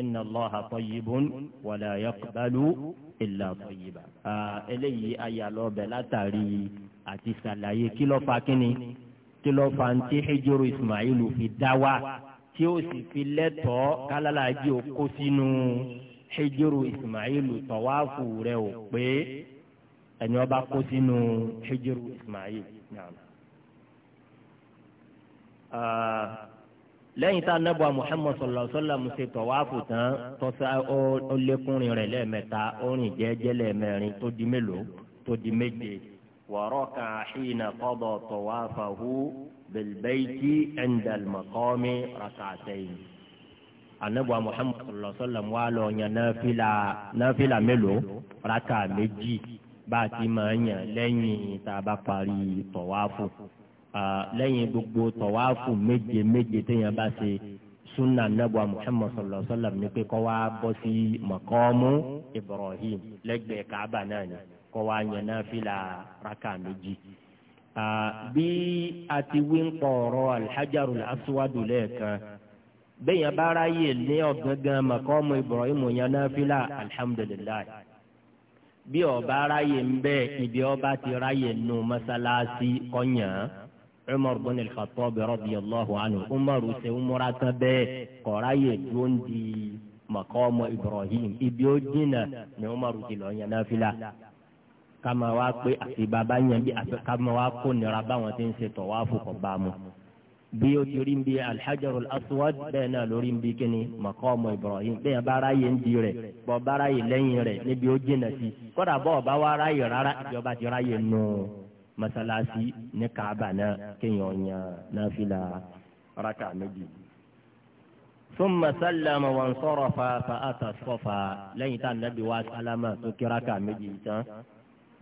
inna allaha tayyibun wala yaqbalu illa tayyiba eléyìí ayàlọ́ bẹ̀ látàrí àti sàlàyé kí ló fa kíni kí ló fa ń tí hijiru Ismail fi dá wa tí ó sì fi lẹ́tọ̀ọ́ kálálàájì ó kó sínú hijiru Ismail tọ̀wáfù rẹ̀ ò pé ẹni ọba kó sínú hijiru Ismail. lẹ́yìn tá a nẹ́bọ̀ Muhammad sallallahu alaihi wasallam ṣe tọ̀wáfù tán tọ́sá ó lékúnrin rẹ̀ lẹ́ẹ̀mẹ́ta ó rìn jẹ́ẹ́jẹ́ lẹ́ẹ̀mẹ́rin tó di mélòó tó di méje. وركع حين قضى طوافه بالبيت عند المقام ركعتين النبي محمد صلى الله عليه وسلم وعلى نافلة نافلة ملو ركع مجي باتي ما لين تابا باري طوافه lẹ́yìn gbogbo tọ̀wáfù méje méje téèyàn bá ṣe sunna nabu muhammad sallallahu alaihi wa sallam ni pé kọ́ wa bọ́ sí maqamu ibrahim lẹ́gbẹ̀ẹ́ kaaba náà ni kọ́ wa yẹn náà fìlà raka méjì. bí a ti wí ń pọ̀ ọ̀rọ̀ alhajaru aswadu lẹ́ẹ̀kan bẹ́yẹn bá ráyè ní ọ̀gángan mọ̀kọ́mù Ibrahim yẹn náà fìlà alhamdulilayi bí ọba ráyè ń bẹ ibi ọba ti ráyè nù mọ́sálásí kọ́nyàn umar bin al-khattab radiyallahu anhu umar ṣe umra tán bẹ́ẹ̀ kọ́ ráyè dúró ń Ibrahim ibi ó dínà ni umar ti lọ́ọ́ yẹn náà fìlà ká máa wá pé àti bàbá yẹn bí àti ká máa wá kó nira báwọn ti ń ṣe tọ̀wáfù kọ̀ bá mu bí o ti rí n bí alhajarul aswad bẹ́ẹ̀ náà lórí n bí kíni maqamu ibrahim bẹ́ẹ̀ bára yé ń di rẹ̀ bọ́ bára yé lẹ́yìn rẹ̀ níbi ó jìnà sí kódà bọ́ọ̀ bá wá ráyè rárá ìjọba ti ráyè nù masalasi ní kaaba náà kéèyàn yàn náà fi la raka méjì. ثم سلم وانصرف فأتى الصفا لين تنبي واسأل تكرك مجيتا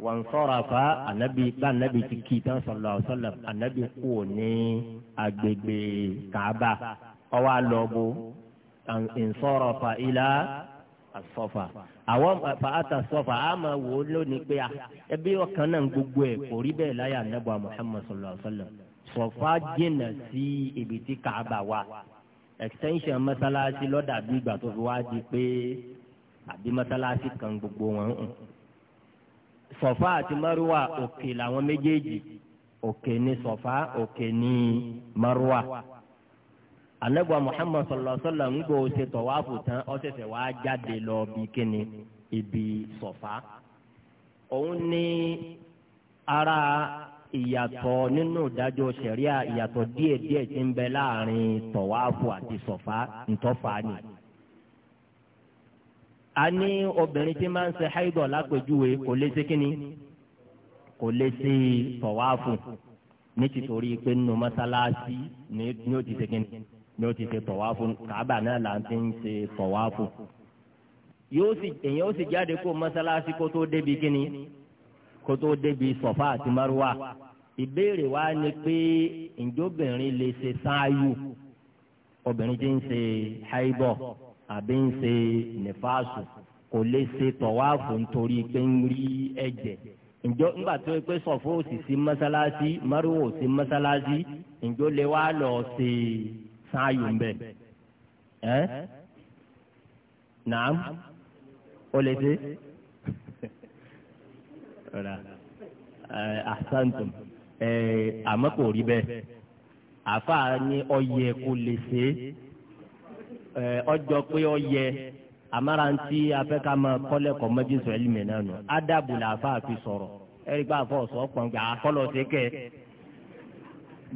wànsọ́rafa anabi bá anabi ti kí tán sallallahu alaihi wasallam anabi kú ní agbègbè kaaba ọwọ́ àlọ́bù ìnsọ́rafa ilà asọ́fà àwọn fàáta sọ́fà á máa wò ó lónìí pé ẹbí ọkàn náà gbogbo ẹ̀ kò rí láyà anabi muhammad sallallahu alaihi wasallam sọ̀fà jìnnà sí ibi tí kaaba wa extension mọ́sálásí lọ́dà bí ìgbà tó fi wá di pé àbí mọ́sálásí kan gbogbo wọn sọfá àti maruwa òkè làwọn méjèèjì òkè ní sọ̀fà òkè ní márùwà. anabuwa muhammad sallallahu wa sallam ń gbọ́ ṣe tán wá jáde lọ bí kíni ibi sọfá òun ni ara ìyàtọ̀ nínú ìdájọ́ ṣẹ̀ríà ìyàtọ̀ díẹ̀díẹ̀ tí ń bẹ láàrin àti a ní obìnrin tí máa ń ṣe haidọ̀ lápèjúwe kò lè ṣe kínní kò lè ṣe tọ̀wáàfù ní tìtorí pé nínú mọ́sálásí ni ó ti ṣe kínní ni ó ti ṣe tọ̀wáàfù kàábà náà là ń ti ń ṣe tọ̀wáàfù yóò sì èyàn ó sì jáde kó mọ́sálásí kó tó débi kínní kó tó débi sọ̀fà àti márùwà ìbéèrè wa ni pé ǹjẹ́ obìnrin lè ṣe sááyù obìnrin tí ń ṣe haidọ̀ àbí ń ṣe nífàásù kò lè ṣe tọ̀wáàfù nítorí pé ń rí ẹ̀jẹ̀ ǹjọ́ ńgbà tó pé sọ̀fọ́ òsì sí mọ́sálásí márùwò sí mọ́sálásí ǹjọ́ lè wá lọ ṣe sáàyò ń bẹ̀ ẹ́ nàám ó lè ṣe ahsantum àmọ́ kò rí bẹ́ẹ̀ àfa ni ó yẹ kó lè ṣe é. ọjọ́ pé ọ yẹ amaranti afẹ́kàmọ́ kọ́lẹ́kọ̀ọ́ mẹ́jìnsọ ẹlẹ́mẹ̀ náà nù la làáfà fi sọ̀rọ̀ ẹ̀rí bá fọ́ sọ pọ̀n gbà kọ́lọ̀ sí kẹ́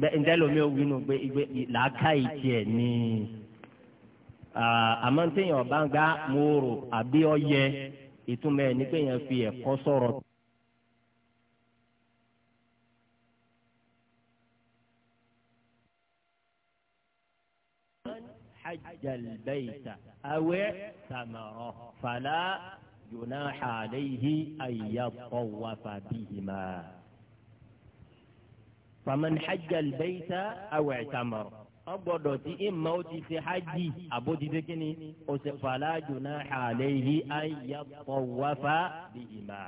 bẹ́ẹ̀ ǹjẹ́ lomi ò wínú pé ìgbé làákà ìtiẹ̀ ní gbá àbí ọ yẹ ìtumọ̀ ẹ̀ yẹn fi hajja albayta awẹ samara fala junaha alayhi ayyatawafa bihima. faman hajja albayta awẹ samara ọgbọ́dọ̀ tí ìmọ̀ ó ti ṣe hajj àbójútó kínní ó ṣe fàlà jùlọ àlẹyé ayàpọ̀wáfà bí ìmọ̀.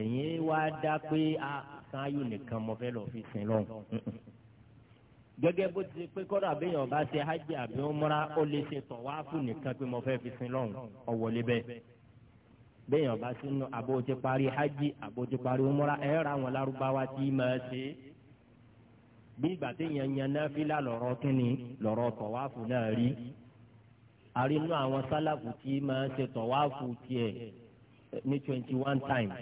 èyí wá dá pé a kan ayò nìkan mo fẹ́ lọ fi sin lọ́hùn gẹ́gẹ́ bó ti ṣe pé kọ́dọ̀ àbẹ́yàn bá ṣe hajj àbí umra ó lè ṣe tọ̀wáfù nìkan pé mo fẹ́ fi sin lọ́hùn ọ̀wọ́lé bẹ́ẹ̀ bẹ́yàn bá sínú àbò ti parí hajj àbò ti parí umra ẹ̀ ra àwọn lárúbáwá tí máa ṣe bí ìgbà téèyàn yan náfìlà lọ́rọ́ kínní lọ́rọ́ tọ̀wáfù náà rí arínú àwọn sálàfù tí máa ṣe tọ̀wáfù tiẹ̀ ní twenty one times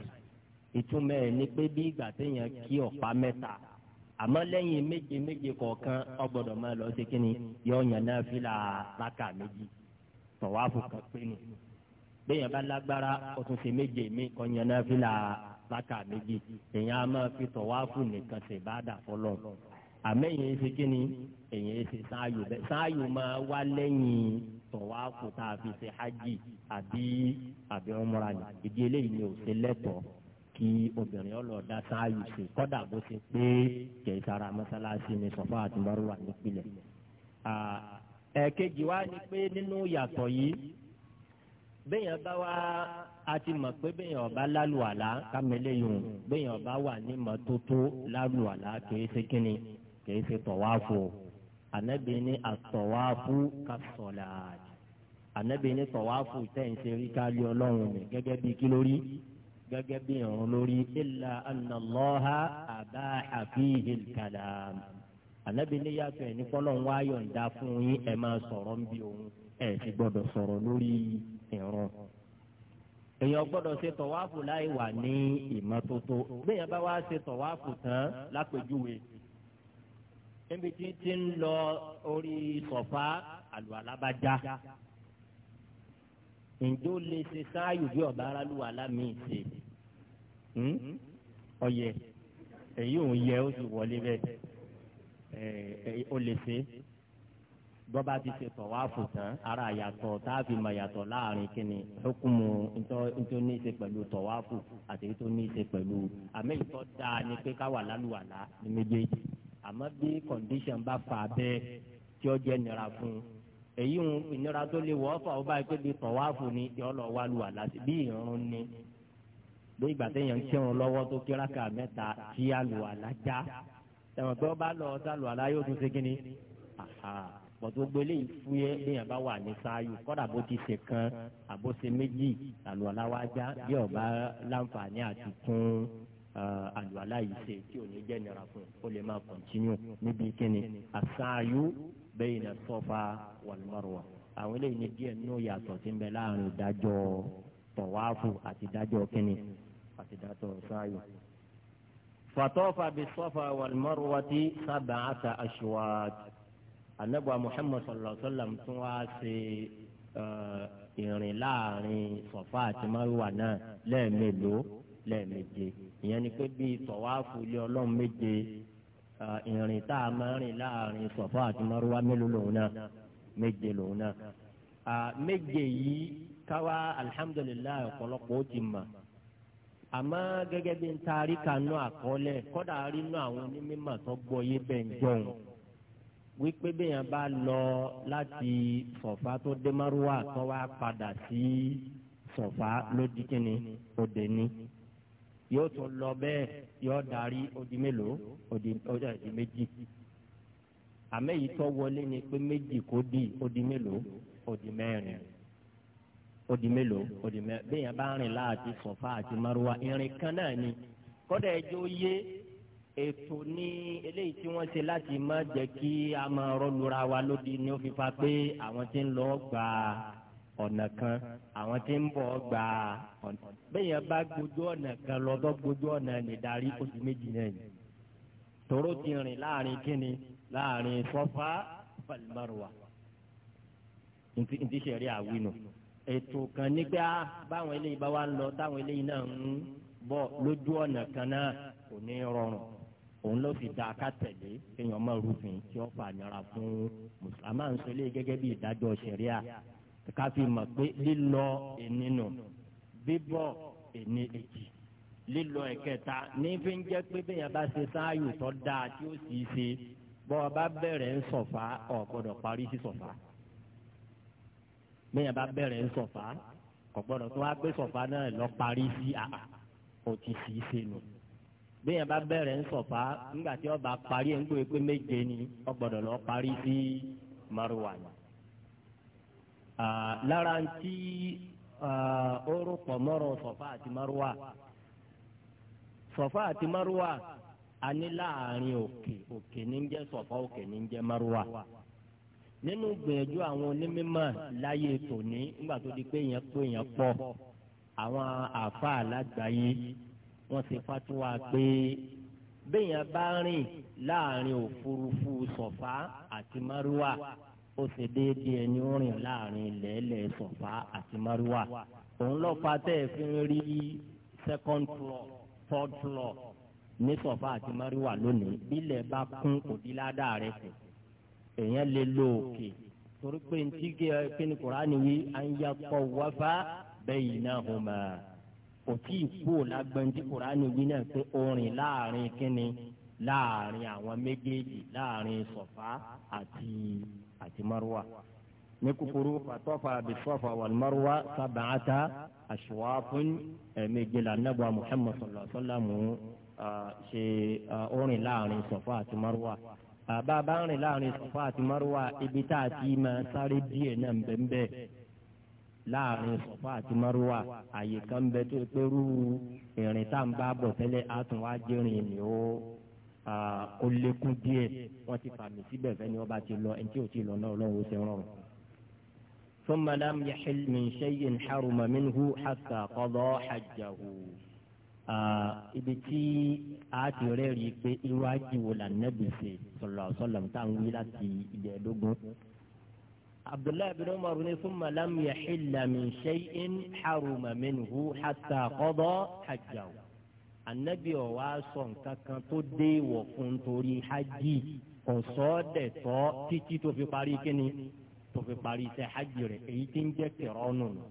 ìtumọ̀ ẹ̀ ni pé bí ìgbà téèyàn kí ọ̀pá mẹ́ta àmọ́ lẹ́yìn méje méje kọ̀ọ̀kan ọgbọ́dọ̀ máa lọ sí kínní yọ ọ̀yàn náà fílà rákà méjì tọ̀wáfù kan pé ni bẹ́ẹ̀yàn bá lágbára ó tún ṣe méje mi ọ̀yàn náà fílà rákà méjì èèyàn á máa fi tọ̀wáfù nìkan ṣe bá dà fọlọ́ àmẹ́yìn ṣe kínní èèyàn ṣe sáàyò bẹ́ẹ̀ sáàyò máa wá lẹ́yìn tọ̀wáfù tá a fi ṣe hájì àbí àbí ọmọra nì ìdí eléyìí ni ò ṣe lẹ́tọ̀ọ́ kí obìnrin ọlọ́ọ̀dá sáàyù sí kọ́dà bó ṣe pé kẹsàrà mọ́sálásí ni sọ́fà àti mọ́rùwà nípìnlẹ̀. ẹ̀ẹ̀kejì wá ni pé nínú yàtọ̀ yìí bẹ́ẹ̀yàn bá wá a ti mọ̀ pé bẹ́ẹ̀yàn ọba lálùwàlá kámẹ́lẹ́yìn bẹ́ẹ̀yàn ọba wà ní mọ́tótó lálùwàlá kìí ṣe kínni kìí ṣe tọ̀wáfù ànábì ní àtọ̀wáfù kásọ̀lá ànábì ní tọ̀wáfù tẹ̀ ń ṣe rí káàlì ọlọ́run gẹ́gẹ́ bíi kí lórí gẹ́gẹ́ bí ìrún lórí ilà anàlọ́ha àbá àfihàn kalam. ànábi ní yàtọ̀ ẹ̀ ní fọlọ́n wá yọ̀ǹda fún yín ẹ̀ máa sọ̀rọ̀ ń bí òun ẹ̀ sì gbọ́dọ̀ sọ̀rọ̀ lórí ìrún. èèyàn gbọ́dọ̀ ṣe tọ̀wáàfù láì wà ní ìmọ́tótó bẹ́ẹ̀ bá wá ṣe tọ̀wáàfù tán lápèjúwe. níbi tí ti ń lọ orí sọ̀fà àlùwàlá bá ǹjọ́ lè ṣe sáàyù bí ọ̀bá aráàlú wà lámì ìṣe Hmm? ọyẹ èyí òun yẹ ó sì wọlé bẹ́ẹ̀ ó lè ṣe bọ́ba ti ṣe tọ̀ wá fò ara yàtọ̀ tá a fi mọ̀ yàtọ̀ láàrin kínní hukumu tó ní í ṣe pẹ̀lú tọ̀ wá fò àti tó ní í ṣe pẹ̀lú àmì ìtọ́ dáa ni pé ká wà lálùwàlá ní méjèèjì àmọ́ bí condition bá fà bẹ́ẹ̀ tí ó jẹ́ nira fún un èyí ń ìnira tó lè wọ́ fà ó báyìí pé wá fò ni yọ lọ wá lùwàlá bí ìrún ni bí ìgbà téèyàn ń kírun lọ́wọ́ tó kí rákà mẹ́ta tí àlùwàlá já tẹ̀wọ̀n pé ó bá lọ sálùwàlá yóò tún ṣe kí ni pọ̀tò gbélé ìfúyẹ́ léèyàn bá wà ní sáyù kọ́dà bó ti ṣe kan àbó ṣe méjì àlùwàlá wa já bí ọba láǹfààní àti kún àlùwàlá yìí ṣe tí ò ní jẹ́ nira fún un ó lè máa kọ̀ntínú níbi kíni àsáyù bẹ́ẹ̀ ní sọ́fà wal marwa àwọn eléyìí ní díẹ̀ nínú yàtọ̀ tí ń bẹ láàrin ìdájọ́ tọ̀wáfù àti ìdájọ́ kíni àti dàtọ̀ sáyò. fàtọ́fà bí sọ́fà wàlmọ́rùwàtí sábà àtà aṣọ́wàd anagba muhammad sallallahu alaihi wa sallam tún wá ṣe ìrìn láàrin sọ̀fà àti márùwà náà lẹ́ẹ̀mélòó lẹ́ẹ̀méje ìyẹn ni pé bíi tọ̀wáfù ilé ọlọ́run méje ìrìn tá a máa rìn láàrin sọ̀fà àti márùwà mélòó lòun náà méje lòun náà méje yìí káwa alhamdulilayi ọ̀pọ̀lọpọ̀ ó ti mà àmọ́ gẹ́gẹ́ bí n taari kanú àkọọ́lẹ̀ kọ́dà rínú àwọn onímọ̀ tó gbọ́ yé bẹ́ẹ̀ ń jọun wípé bẹ́yàn bá lọ láti sọ̀fà tó dé márùwà tó wá padà sí sọ̀fà lódì kínní òde ní yóò tún lọ bẹ́ẹ̀ yóò darí odi mélòó odi odi méjì àmẹ́yìí tó wọlé ni pé méjì kó di odi mélòó odi mẹ́rin. Odi di mélòó ó di mẹ bẹ́ẹ̀ yẹn bá rìn láti sọ̀fà àti maruwa irin kan náà ni kọ́dà ẹjọ́ yé ètò ní eléyìí tí wọ́n ṣe láti má jẹ́ kí a máa rọ́lura wa lódì ní ó fi fa pé àwọn tí ń lọ gba ọ̀nà kan àwọn tí ń bọ̀ gba ọ̀nà bẹ́ẹ̀ yẹn bá gbójú ọ̀nà kan lọ́dọ́ gbójú ọ̀nà nìdarí oṣù méjì náà ni tòró ti rìn láàrin kíni láàrin sọfà pẹ̀lú maruwa ntí ntí sẹ̀rí àwìn nù ètò kan nígbà ah, báwọn eléyìí bá wà ń lọ táwọn eléyìí náà ń bọ̀ lójú ọ̀nà kan náà kò ní rọrùn òun ló fi da ká tẹ̀lé kéèyàn má rúfin tí ó fà nira fún mùsùlùmí àmà ń sọ léyìí gẹ́gẹ́ bí ìdájọ́ ṣẹ̀ríà ká fi mọ̀ pé lílọ èní nù bíbọ̀ èní èjì lílọ ẹ̀kẹta ní fi ń jẹ́ pé bẹ́ẹ̀ yẹn bá ṣe sáàyù tó dáa tí ó sì ṣe bọ́ ọ bá bẹ̀rẹ̀ ń sọ̀fà ọ̀ gbọ́dọ̀ parí sí sọ̀fà. So bẹ́ẹ̀ bá bẹ̀rẹ̀ sọ̀fà kò gbọ́dọ̀ tó wá gbé sọ̀fà náà lọ parí sí àà kò ti sì í sínú bẹ́ẹ̀ bá bẹ̀rẹ̀ sọ̀fà nígbà tí ọba parí ẹ̀ ń gbé pé méje ni ó gbọ́dọ̀ lọ parí sí Marwa ni. lára ń tí orúkọ mọ́rọ̀ sọ̀fà àti Marwa sọ̀fà àti Marwa a ní láàrin òkè òkè ní ń jẹ́ sọ̀fà òkè ní ń jẹ́ Marwa. Marwa nínú gbìyànjú àwọn onímọ̀ láyé tòní nígbà tó di pé èèyàn pé èèyàn pọ̀ àwọn àáfàá lágbàáyé wọ́n ti fatuwa pé béèyàn bá rìn láàrin òfurufú sọ̀fà àti márúwà ó ṣe déédéé ẹni ó rìn láàrin lẹ́ẹ̀lẹ́ sọ̀fà àti márúwà òun lọ́pàá tẹ́ ẹ fi ń rí second floor third floor ní sọ̀fà àti márúwà lónìí bílẹ̀ bá kún kò ládàá rẹ̀ kù èèyàn lè lo òkè torí pé ntí kíni kuraani wí anyakọ̀ wáfà baynahuma kò tí ì kú lágbẹ̀ntì kuraani wí náà pé orin láàrin kíni láàrin àwọn méjèèjì láàrin sọ̀fà àti àti marwa ní kúkúrú fatọ́fà bisọ́fà wal marwa sab'ata ashwafun ẹ̀ẹ́mẹ́jẹ la nabwa muhammad sallallahu alaihi wa ṣe orin láàrin sọ̀fà àti marwa àbá bá ń rìn láàrin sọfà àti márùwà ibi tá a ti máa sáré díẹ̀ náà bẹ́ẹ̀ láàrin sọfà àti márùwà àyè kan bẹ tó pẹ́rú ìrìn tá à ń bá bọ̀ tẹ́lẹ̀ á tún wá jẹ́rìn ni ó ó lékún díẹ̀ wọ́n ti fàmì síbẹ̀ fẹ́ni ọba ti lọ ẹni tí ò ti lọ náà ọlọ́run ó ti rọrùn. ثم لم يحل من شيء حرم منه حتى قضى ibi tí a ti rẹ́ rí i pé irú ajiwo là nẹ́bí ṣe sọ̀rọ̀ sọ̀rọ̀ tá à ń wí láti ìjẹ́ẹ̀dógún. abdullahi bin umar ní summa lam yahilla min shay'in haruma minhu hatta qada hajjahu. anabi ò wá sọ nǹkan tó dé wọ̀ fún torí hajj kò títí tó fi parí kíni tó fi parí iṣẹ́ hajj rẹ̀ èyí tí ń jẹ́ kẹrọ́nù nù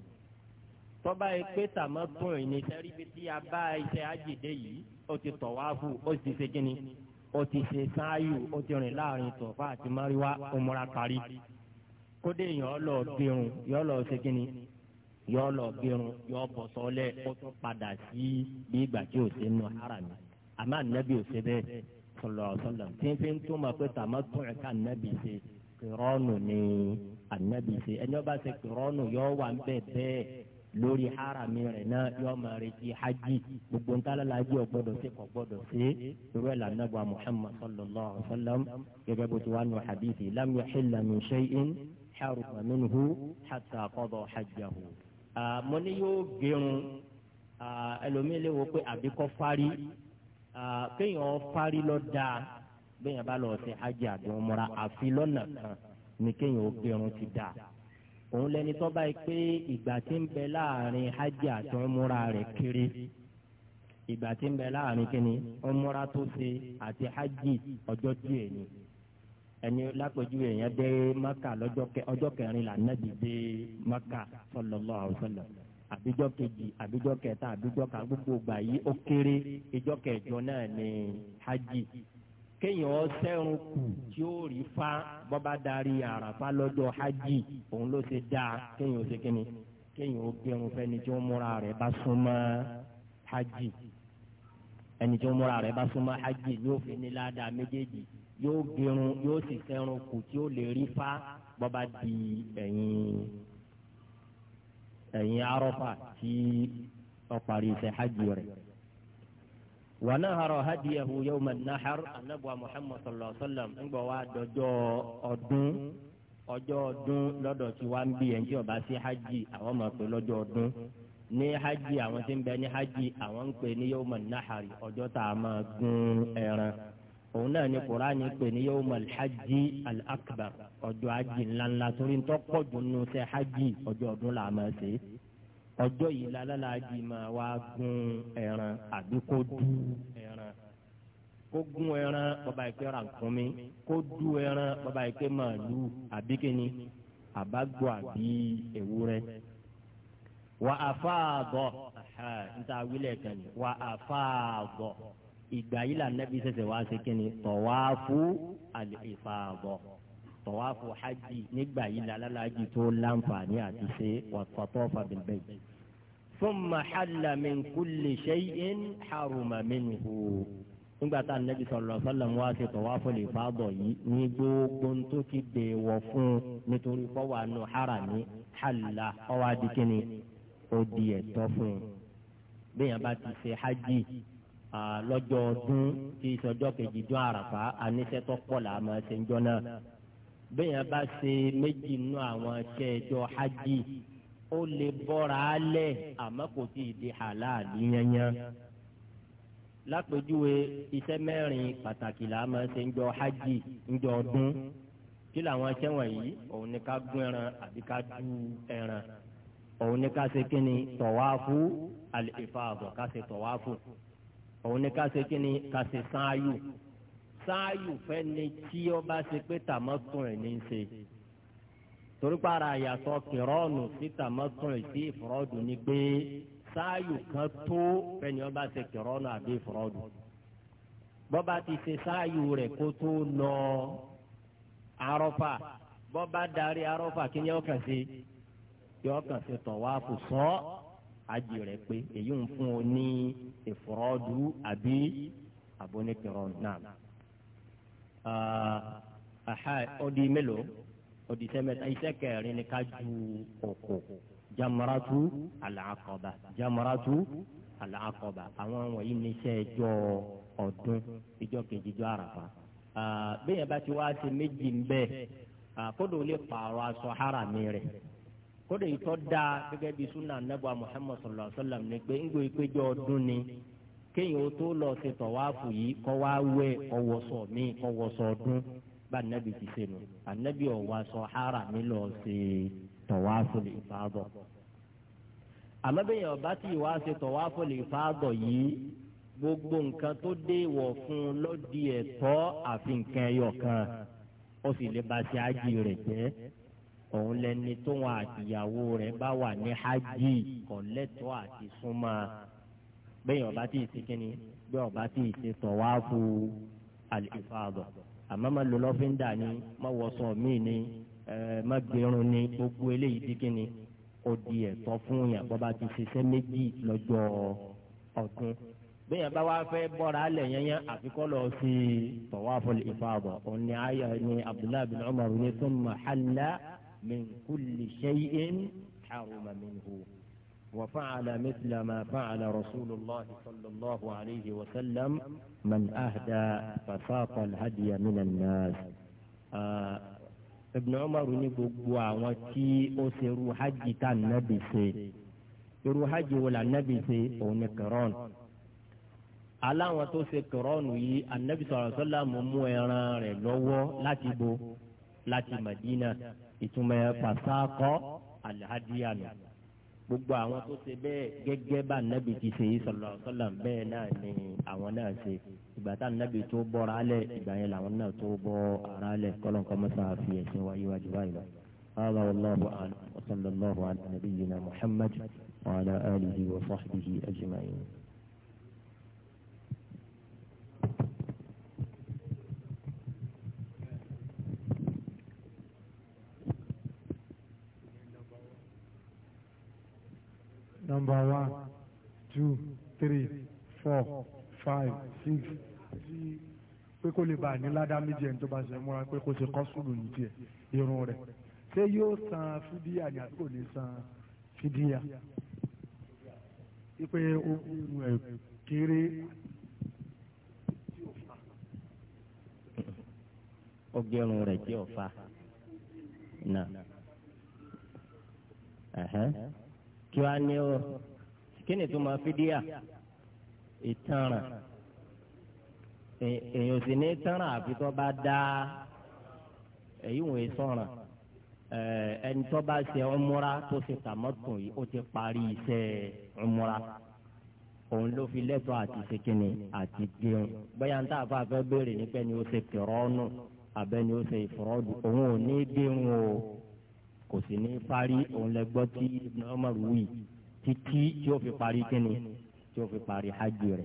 tọ́ba yìí pé tàmọ́tún ìní sẹ́rí bí tí a bá iṣẹ́ àjèdè yìí ó ti tọ̀ wá fún ó ti ṣe kíni ó ti ṣe sáàyù ó ti rìn láàrin tọ̀fà àti máríwá òmùra parí kódé yọ̀ọ́ lọ gbẹrun yọ̀ọ́ lọ ṣe kíni yọ̀ọ́ lọ gbẹrun yọ̀ọ́ bọ̀ sọ́lẹ̀ ó tún padà sí bí ìgbà tí ò ṣe nù ara mi àmọ́ ànábì ò ṣe bẹ́ẹ̀ sallallahu alaihi wasallam tí n fi ń túmọ̀ pé tàmọ́tún ẹ̀ka ànábì ṣe kìrọ́ọ̀nù ni ànábì ṣe ẹni ọba ṣe kìrọ́ọ̀nù yọ̀ọ́ wà ń bẹ́ẹ̀ bẹ́ẹ̀ lórí harami rẹ̀ náà yọ ọmọ rẹ̀ ti hajj gbogbo ntàlálàájì ọ̀gbọ́dọ̀ sí ọ̀gbọ́dọ̀ sí irú ẹ̀ lànàbọ̀ muhammad sallallahu alayhi wa sallam gẹ́gẹ́ bó ti wà nù hadithi lam yuhilla min shay'in harama minhu hatta qada hajjahu. mo ní yóò gẹrun ẹlòmíín lè wo pé àbíkọ́ fárí kéèyàn fárí lọ dáa bẹ́ẹ̀ yẹn bá lọ sí hajj àbí umrah àfi lọ́nà kan ní kéèyàn ó gẹrun ti dáa. òun lẹni tó báyìí pé ìgbà tí ń bẹ láàrin hajj àti ọmúra rẹ̀ kéré ìgbà tí ń bẹ láàrin kíni ọmúra tó ṣe àti hajj ọjọ́ díẹ̀ ni ẹni lápẹjúwe yẹn dé maka ọjọ́ kẹrin là nàbì dé maka sallallahu alaihi wasallam àbíjọ kejì àbíjọ kẹta àbíjọ kan gbogbo gbà yí ó kéré ìjọ kẹjọ náà ni hajj kéèyàn sẹ́run kù tí ó rí fa bọ́ba darí àràfà lọ́jọ́ hajj òun ló ti dáa kéèyàn ṣe kíni kéèyàn ó gbẹrun fẹ́ni tí ó múra rẹ̀ bá súnmọ́ hajj ẹni tí ó múra rẹ̀ bá súnmọ́ hajj yóò fi ní ládàá méjèèjì yóò gbẹrun yóò sì sẹ́run kù tí ó lè rí fa bọ́ba di ẹ̀yìn ẹ̀yìn arọ́fà tí ó parí hajj rẹ̀ wa nahara hadiyahu yawma nahar anabuwa muhammad sallallahu alaihi wa sallam ńgbọ́ wa dọjọ́ ọdún ọjọ́ ọdún lọ́dọ̀ tí wàá ń bí yẹn tí ó bá sí hajj àwọn máa pè lọ́jọ́ ọdún ní hajj àwọn tí ń bẹ ní hajj àwọn ń pè ní yawma nahari ọjọ́ tá a máa gún ẹran òun náà ni kuraani pè ní yawma hajj al-akbar ọjọ́ hajj ńláńlá torí ń tọ́ pọ̀ jù nínú sẹ́ hajj ọjọ́ ọdún là máa ṣe é ọjọ́ yìí lálálàájì máa wá gún ẹran àbí kó dú ẹran kó gún ẹran bàbá yìí pé ràkúnmí kó du ẹran bàbá yìí pé màálù àbí kíni àbágbó àbí ewúrẹ́ wà àfáàbọ̀ níta wílẹ̀ kan ní wà àfáàbọ̀ ìgbà yìí là nẹ́bí sẹ̀sẹ̀ wá sí kíni tọ̀wáfù àlè ìfàbọ̀ tọ̀wáfù hajj nígbà yìí lálálàájì tó láǹfààní àti ṣe wàtọ́tọ́fà bil bayt. thumma halla min kulli shay'in haruma minhu. nígbà tá a nẹ́bi sallallahu alaihi wasallam wá ṣe tọ̀wáfù lè fà bọ̀ yìí ní gbogbo tó ti dè wọ̀ fún nítorí fọwọ́ àánú harami halla ọwọ́ adìkíni ó di ẹ̀tọ́ fún un. bẹ́ẹ̀ yẹn bá ti ṣe hajj lọ́jọ́ ọdún tí ìṣọjọ́ kejì dún àràfà aníṣẹ́tọ́ pọ̀ làá máa ṣe ń jọ náà bẹ́ẹ̀ yẹn bá ṣe méjì nínú àwọn iṣẹ́ ẹjọ́ hajj ó lè bọ́ra alẹ́ àmọ́ kò tí ì di halali yanyan. lápèjúwe iṣẹ́ mẹ́rin pàtàkì là á máa ṣe ń jọ hajj ń jọ ọdún kí làwọn iṣẹ́ wọ̀nyí òun ni ká gún ẹran àbí ká du ẹran òun ni ká ṣe kíni tọ̀wáfù al-ifada ká ṣe tọ̀wáfù òun ni ká ṣe kíni ká ṣe sáyù sáàyù fẹ́ ni tí ó bá ṣe pé tàmọ́tún rẹ̀ ní í ṣe torípa ara àyàtọ̀ kìrọ́ọ̀nù sí tàmọ́tún rẹ̀ sí ìfọ́rọ́dù ni pé sáàyù kan tó fẹ́ ni ó bá ṣe kìrọ́ọ̀nù àbí ìfọ́rọ́dù bọ́ba ti ṣe sáàyù rẹ̀ kó tó lọ arọ́fà bọ́ba darí arọ́fà kí ni ó kàn ṣe yọ ọ́ kàn ṣe tọ̀wáfù sọ àjì rẹ̀ pé èyí ń fún ọ ní ìfọ́rọ́dù àbí àbóníkìrọ́ọ̀nù náà. ọdị ah, melo ọdị sẹ́mẹ́ta iṣẹ́ kẹrin ni ka ju òkò jamaratu al-aqaba jamaratu al-aqaba àwọn wọ̀nyí ọdún kejì jọ ah, ti wá méjì ah, kódò lè aṣọ da gẹ́gẹ́ bí muhammadu sallallahu alaihi wa sallam ni. kéèyàn tó lọ ṣe tọ̀wáàfù yìí kọ́ wá wẹ̀ ọwọ́sọ mi ọwọ́sọ ọdún bá nẹ́bi ti ṣe nù ànẹ́bi ọ̀wá sọ hàrà mi lọ ṣe tọ̀wáàfù lè fà bọ̀. àmọ́ bẹ́ẹ̀ yẹn ọba tí ìwà ṣe tọ̀wáàfù lè fà bọ̀ yìí gbogbo nǹkan tó dé wọ̀ fún un lọ́dí ẹ̀tọ́ àfi nǹkan ẹyọ kan ó sì lè ba ṣe ájì rẹ̀ jẹ́ òun lẹni tó wọn àtìyàwó rẹ̀ bá wà ní ájì kọ̀lẹ́tọ̀ àti súnmọ́ bẹ́ẹ̀ ọba tí ì ṣe kínní bẹ́ẹ̀ ọba tí ì ṣe tawafu al-ifada àmọ́ má lo lọ́fíńdà ni má wọṣọ míì ni má gbẹrun ni gbogbo eléyìí ti kínní ó di ẹ̀tọ́ fún yàn bọ́ba ti ṣiṣẹ́ méjì lọ́jọ́ ọdún bẹ́ẹ̀ yẹn bá wá fẹ́ bọ́ra alẹ̀ yẹn àfikọ́ lọ sí tawafu al-ifada òun ni ayé ni abdullahi bin umar ní thumma halla min kulli shay'in haruma minhu. وفعل مثل ما فعل رسول الله صلى الله عليه وسلم من أهدى فساط الهدي من الناس آه، ابن عمر نبوا وتي أسر حج نبي سي يرو حج ولا النبي سي ونكران على وتوسي كران وي النبي صلى الله عليه وسلم مويران لوو لاتيبو لاتي مدينة يتمي فساق الهدي gbogbo àwọn tó ṣe bẹ́ẹ̀ gẹ́gẹ́ bá nábì ti ṣe yìí sọ̀rọ̀ sọ̀rọ̀ bẹ́ẹ̀ náà ni àwọn náà ṣe ìgbà tá nábì tó bọ́ra lẹ̀ ìgbà yẹn làwọn náà tó bọ́ ara lẹ̀ kọ́lọ́n kọ́ mọ́sá fi ẹ̀sìn wáyé wájú báyìí lọ. هذا والله أعلم وصلى الله على نبينا محمد وعلى آله وصحبه أجمعين two three four five six pé kó lè bá ní ládá méjì ẹni tó bá ṣe múra pé ṣe ní rẹ̀ ṣé yóò san fídíà ní àbí ní san fídíà ipe ohun rẹ̀ kí ni ìtumọ̀ fídíà ìtanràn èèyàn sì ní tanràn àfi tó bá dá èyí wòye sọ̀ràn ẹni tó bá ṣe ọmúra tó ṣe tàmọ́tò yìí ó ti parí iṣẹ́ ọmúra òun ló fi lẹ́tọ̀ọ́ àti ṣe kíni àti gbẹ̀hùn bóyá ń tà fà fẹ́ béèrè nípa ni ó ṣe kẹrọ́ọ̀nù abẹ́ni ó ṣe ìfọ̀rọ̀dù òun ò ní gbẹ̀hùn o kò sì ní parí òun lẹ tí Ibn Umar wí títí tí ó fi parí kíni tí ó fi parí hajj rẹ̀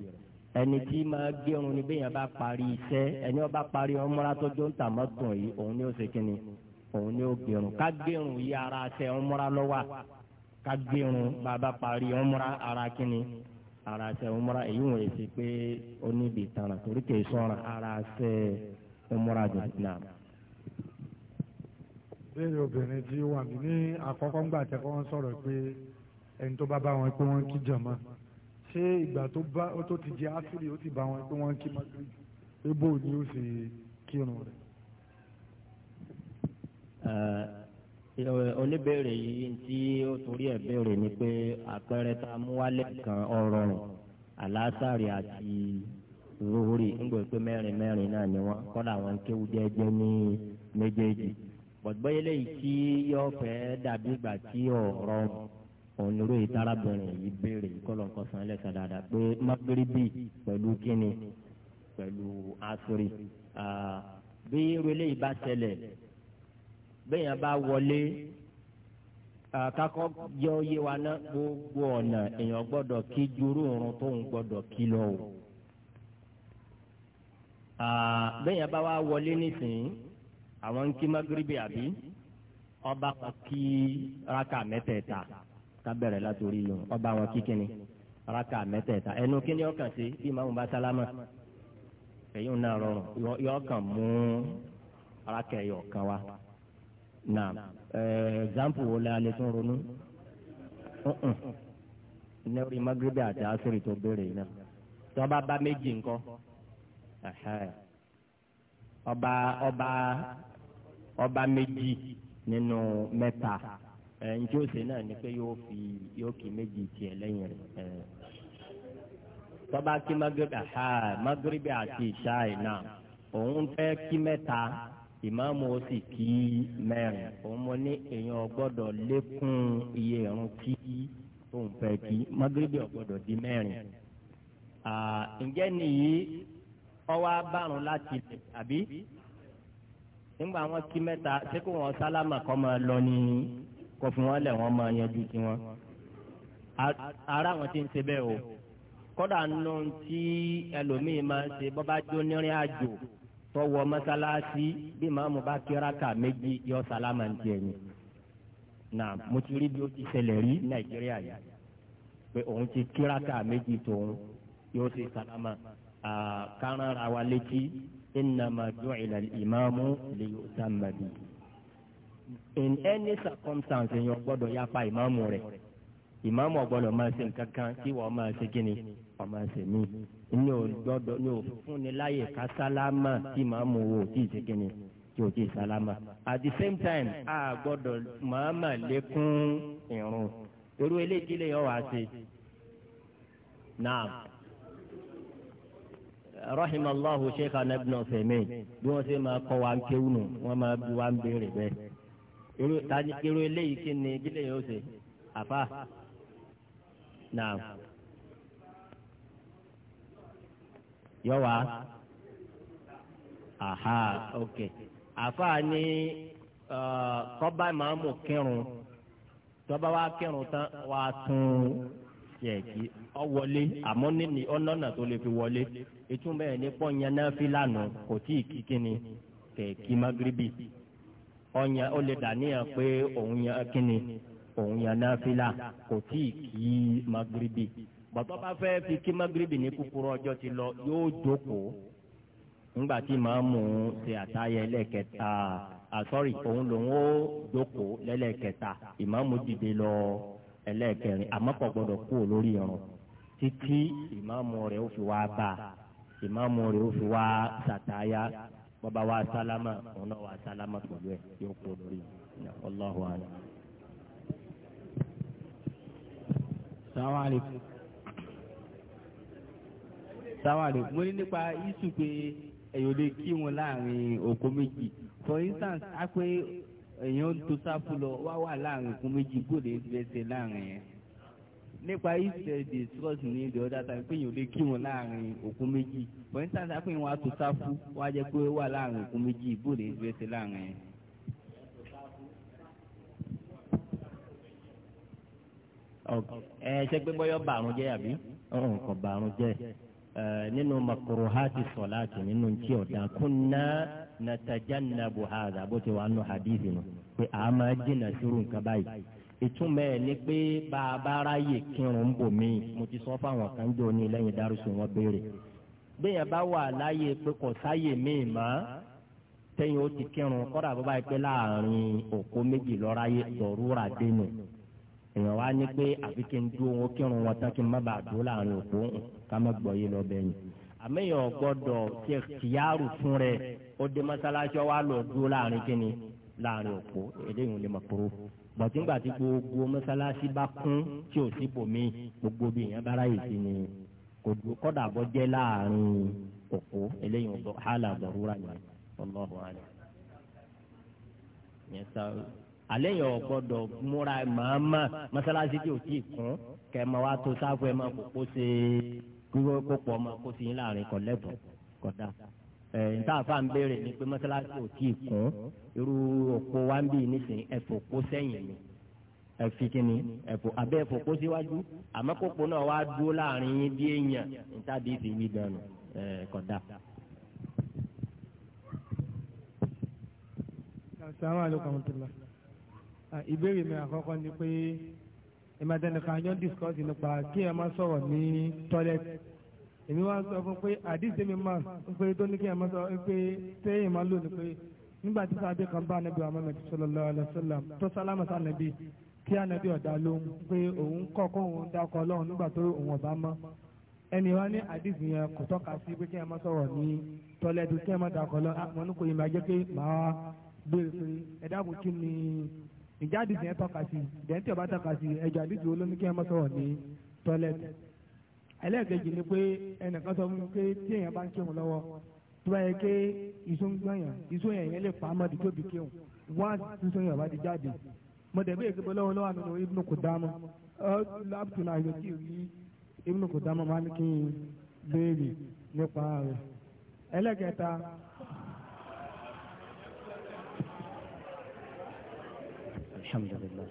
ẹni tí máa gbẹrun ni bẹ́ẹ̀ yẹn bá parí iṣẹ́ ẹni ó bá parí ọmọra tọjọ́ ń tà mọ́tò yìí òun ni ó ṣe kíni òun ni ó gbẹrun ká gbẹrun yìí ara ṣe ọmọra lọ́wọ́ ká gbẹrun bàbá parí ọmọra ara kíni ara ṣe ọmọra èyí wọ̀n yìí ṣe pé ó níbi ìtara torí kì í ara ṣe ọmọra jẹ̀ náà béèrè obìnrin tí wà ní àkọ́kọ́ ńgbà tẹ́kọ́ sọ̀rọ̀ pé ẹni tó bá bá wọn pé wọ́n kí jàmá ṣé ìgbà tó bá ó tó ti jẹ áfírí ó ti bá wọn pé wọ́n kí magre ebo ni ó sì kírun rẹ̀. oníbèrè yìí tí ó torí ẹ̀ béèrè ni pé àpẹẹrẹ tá a kan ọ̀rọ̀ àlásàrì àti lórí ńgbò pé mẹ́rin mẹ́rin náà ni wọ́n kọ́ làwọn kéwú jẹ́jẹ́ ní méjèèjì bọ̀dúbọ́yé tí yóò fẹ́ dàbí ìgbà tí ọ̀rọ̀ onírú ìtarabìnrin yìí béèrè kọlọ̀ kọsàn án lẹ́sàn dáadáa pé magrebi pẹ̀lú kíni pẹ̀lú asiri bí irú eléyìí bá ṣẹlẹ̀ béèyàn bá wọlé kakọ́ yọ yé wa ná gbogbo ọ̀nà èèyàn gbọ́dọ̀ kí juru irun tóun gbọ́dọ̀ kí lọ o béèyàn bá wá wọlé nísìnyí àwọn ń kí magrebi àbí ọba kí raka mẹ́tẹ̀ẹ̀ta. ká bẹ̀rẹ̀ nù ọba wọn kíkíni raka mẹ́tẹ̀ẹ̀ta ẹnu kíni ọkàn sí bí màmú bá èyí ń náà rọrùn mú raka ẹ̀yọ̀ kan wa na ẹ̀ẹ́dàmpù wo la ronú magrebi àti asiri tó béèrè yìí náà tí bá méjì ọba ọba ọba méjì nínú mẹ́ta. ẹnjẹ ose naa ni pé fi yóò kí méjì tiẹ̀ lẹ́yìn rẹ̀ ẹ tọba kí magrebi magrebi àti ìṣáì òun fẹ́ kí mẹ́ta ìmáàmù sì kí òun mo ní èèyàn lékún iye ìrun kí òun kí magrebi ọgbọ́dọ̀ di mẹ́rin ǹjẹ́ nìyí ọwọ́ abárùn láti lè àbí nígbà wọn kí mẹ́ta ṣé wọn sálámà kọ́ máa lọ kó fún wọn lẹ̀ wọ́n máa yanjú tiwọn. ara wọn ti ń ṣe bẹ́ẹ̀ o kódà nù tí ẹlòmíì máa ń ṣe bọ́bá jó nírìn àjò tọwọ́ mọ́sálásí bí màmú bá kíráka méjì yọ sálámà ń tiẹ̀ yìí. nà mo ti rí bí ó ti ṣẹlẹ̀ rí nàìjíríà yìí pé òun ti kíráka méjì tòun yóò ṣe sálámà kárán wa létí innama ju'ila al-imamu liyutamma bihi. in any circumstance èèyàn gbọ́dọ̀ yapa ìmáàmù rẹ̀ ìmáàmù ọ̀gbọ́dọ̀ máa ṣe nǹkan kan tí wọ́n máa ṣe ni wọ́n máa ṣe mí ní o ní o láyè ká sálámà tí ìmáàmù wo ò tí ṣe at the same time a gbọ́dọ̀ màmá lékún ìrun irú eléyìí lè yọ wá sí rahim bí ṣe máa kọ wa ń máa irú tani irú eléyìí kí ni kí lèyìn ó ṣe àfa náà yọ wá aha ok àfa ni kọba màmú kírun tọba wa kírun tán wà tún ọ wọlé àmọ́ níní ọlọ́nà tó lè fi wọlé ìtumọ̀ ẹ̀ ní pọ́nyẹ́ náà kò tí ì magribi. ọyàn ó lè dàníyàn pé òun yan kínni òun yan náfìlà kò tí ì kí magribi bàtọ́ bá fẹ́ fi kí magribi ní kúkúrú ọjọ́ ti lọ yóò jókòó ńgbà tí ti ṣe àtàyẹ lẹ́ẹ̀kẹta sorry òun lòun ó jókòó lẹ́lẹ́kẹta ìmáàmù dìde lọ ẹlẹ́ẹ̀kẹrin àmọ́ kò kú olori irun titi ìmáàmù rẹ̀ ó fi wá ba, ìmáàmù rẹ̀ fi wá sataya. bàbá wa sálámà òun náà wà sálámà pẹ̀lú ẹ̀ yóò kó lórí ọlọ́hu àná. sàwárì sàwárì mo ní nípa yíṣù pé èyàn lè kí wọn láàrin òkú méjì for instance á pé èyàn ń to sáfù lọ wá wà láàrin òkú méjì gbòdè ẹsẹ̀ láàrin yẹn nípa ìṣe discuss ní the other time pé yìí ò lè kí wọn láàrin òkú méjì for instance a pè wọn ato sáfù wọn á jẹ pé ó wà láàrin òkú méjì bóòlù ìṣe ṣe láàrin yẹn. ẹ ṣe pé bọ́yọ̀ bàrún jẹ́ àbí ọ̀hún kan bàrún jẹ́ nínú makoro hati sọ̀láàtì nínú tí ọ̀dà kunna natajannabu hadha bó ti wà nù hadith nù pé àá máa jìnnà sírù nǹkan ìtumọ̀ ẹ̀ ni pé bá a bá ráyè kírun bò mí mo ti sọ fáwọn kan jọ ní lẹ́yìn dárúsù wọn béèrè bẹ́ẹ̀ bá wà láyè pé kò sáyè míì mọ́ tẹ́yìn ó ti kírun kọ́dà bó bá yẹ pé láàrin òkú méjì lọ́ra yé dọ̀rúra dénú èèyàn wá ní pé àfi kí n dúró wọn kírun wọn tán kí n má bàa dúró láàrin òkú ká má gbọ́ yé lọ bẹ́yìn àmẹ́yìn ọ̀gbọ́dọ̀ ṣe kíyàrú fún rẹ̀ ó dé mọ́sálásí gbàtúgbà tí gbogbo mọ́sálásí bá kún tí ò sí bòmí gbogbo bí èèyàn bára yìí sí ni kò dúró kọ́dà bọ́ jẹ́ láàrin òkú eléyìí ń bọ̀ hàlà àbọ̀rúra yẹn ọlọ́run àlẹ́ yẹn sá alẹ́ yẹn ò gbọ́dọ̀ múra màámà mọ́sálásí tí ò tí kún kẹ́ ẹ máa wá tó sáfù ẹ máa kó kó ṣe kúrò pọ̀ máa kó sí yín láàrin kọ̀lẹ́tọ̀ kọ̀dà nta fa ń béèrè ni pé mọ́sálásí ò tí ì kún irú òpó wa ń bì nísìn ẹ̀fọ́ kó sẹ́yìn ni ẹ̀fì kìíní ẹ̀fọ́ abẹ́ ẹ̀fọ́ kó síwájú àmọ́ kókó náà wá dúró láàrin yín bí èèyàn níta bí ti wí dànù kódà. assalamu alaikum ah, ìbéèrè mi àkọ́kọ́ ni pé ìmọ̀tẹ́nìkan yóò discuss nípa kí ẹ má sọ̀rọ̀ ní tọ́lẹ́tì èmi wá sọ fún pé àdìsí mi máa ń pé tó ní kí ẹ máa sọ pé téèyàn máa lò ní pé nígbà tí sábẹ́ kan bá anabi Muhammad sallallahu alaihi wasallam tó sálámà sí anabi kí anabi ọ̀dà lóhùn pé òun kọ̀ọ̀kọ́ òun dákọ̀ ọlọ́run nígbà tó òun ọ̀bá mọ́ ẹni wá ní àdìsí yẹn kò tọ́ka sí pé kí ẹ máa sọ̀rọ̀ ní tọ́lẹ́dù kí ẹ máa dákọ̀ ọlọ́run àmọ́ ah, ní kò máa jẹ́ pé màá béèrè pé ẹ dákun kí ni ìjà àdìsí yẹn tọ́ka sí ìdẹ́ntì ọba tọ́ka sí ẹ̀jọ̀ àdìsí olómi kí ẹ máa sọ̀rọ̀ ní tọ́lẹ́dù ẹlẹ́ẹ̀kejì ni pé ẹnìkan sọ fún mi pé tí èèyàn bá ń kírun lọ́wọ́ tó bá yẹ pé ìṣó ń gbọ̀nyàn ìṣó yẹn yẹn lè pa á mọ́ di tóbi kírun wọ́n á ti sọ yẹn bá di jáde mo dẹ̀ bí èkébé lọ́wọ́ lọ́wọ́ nínú Ibn Qudama láti náà yóò kí rí Ibn Qudama máa ní kí n béèrè nípa rẹ̀ ẹlẹ́kẹta. alhamdulillah.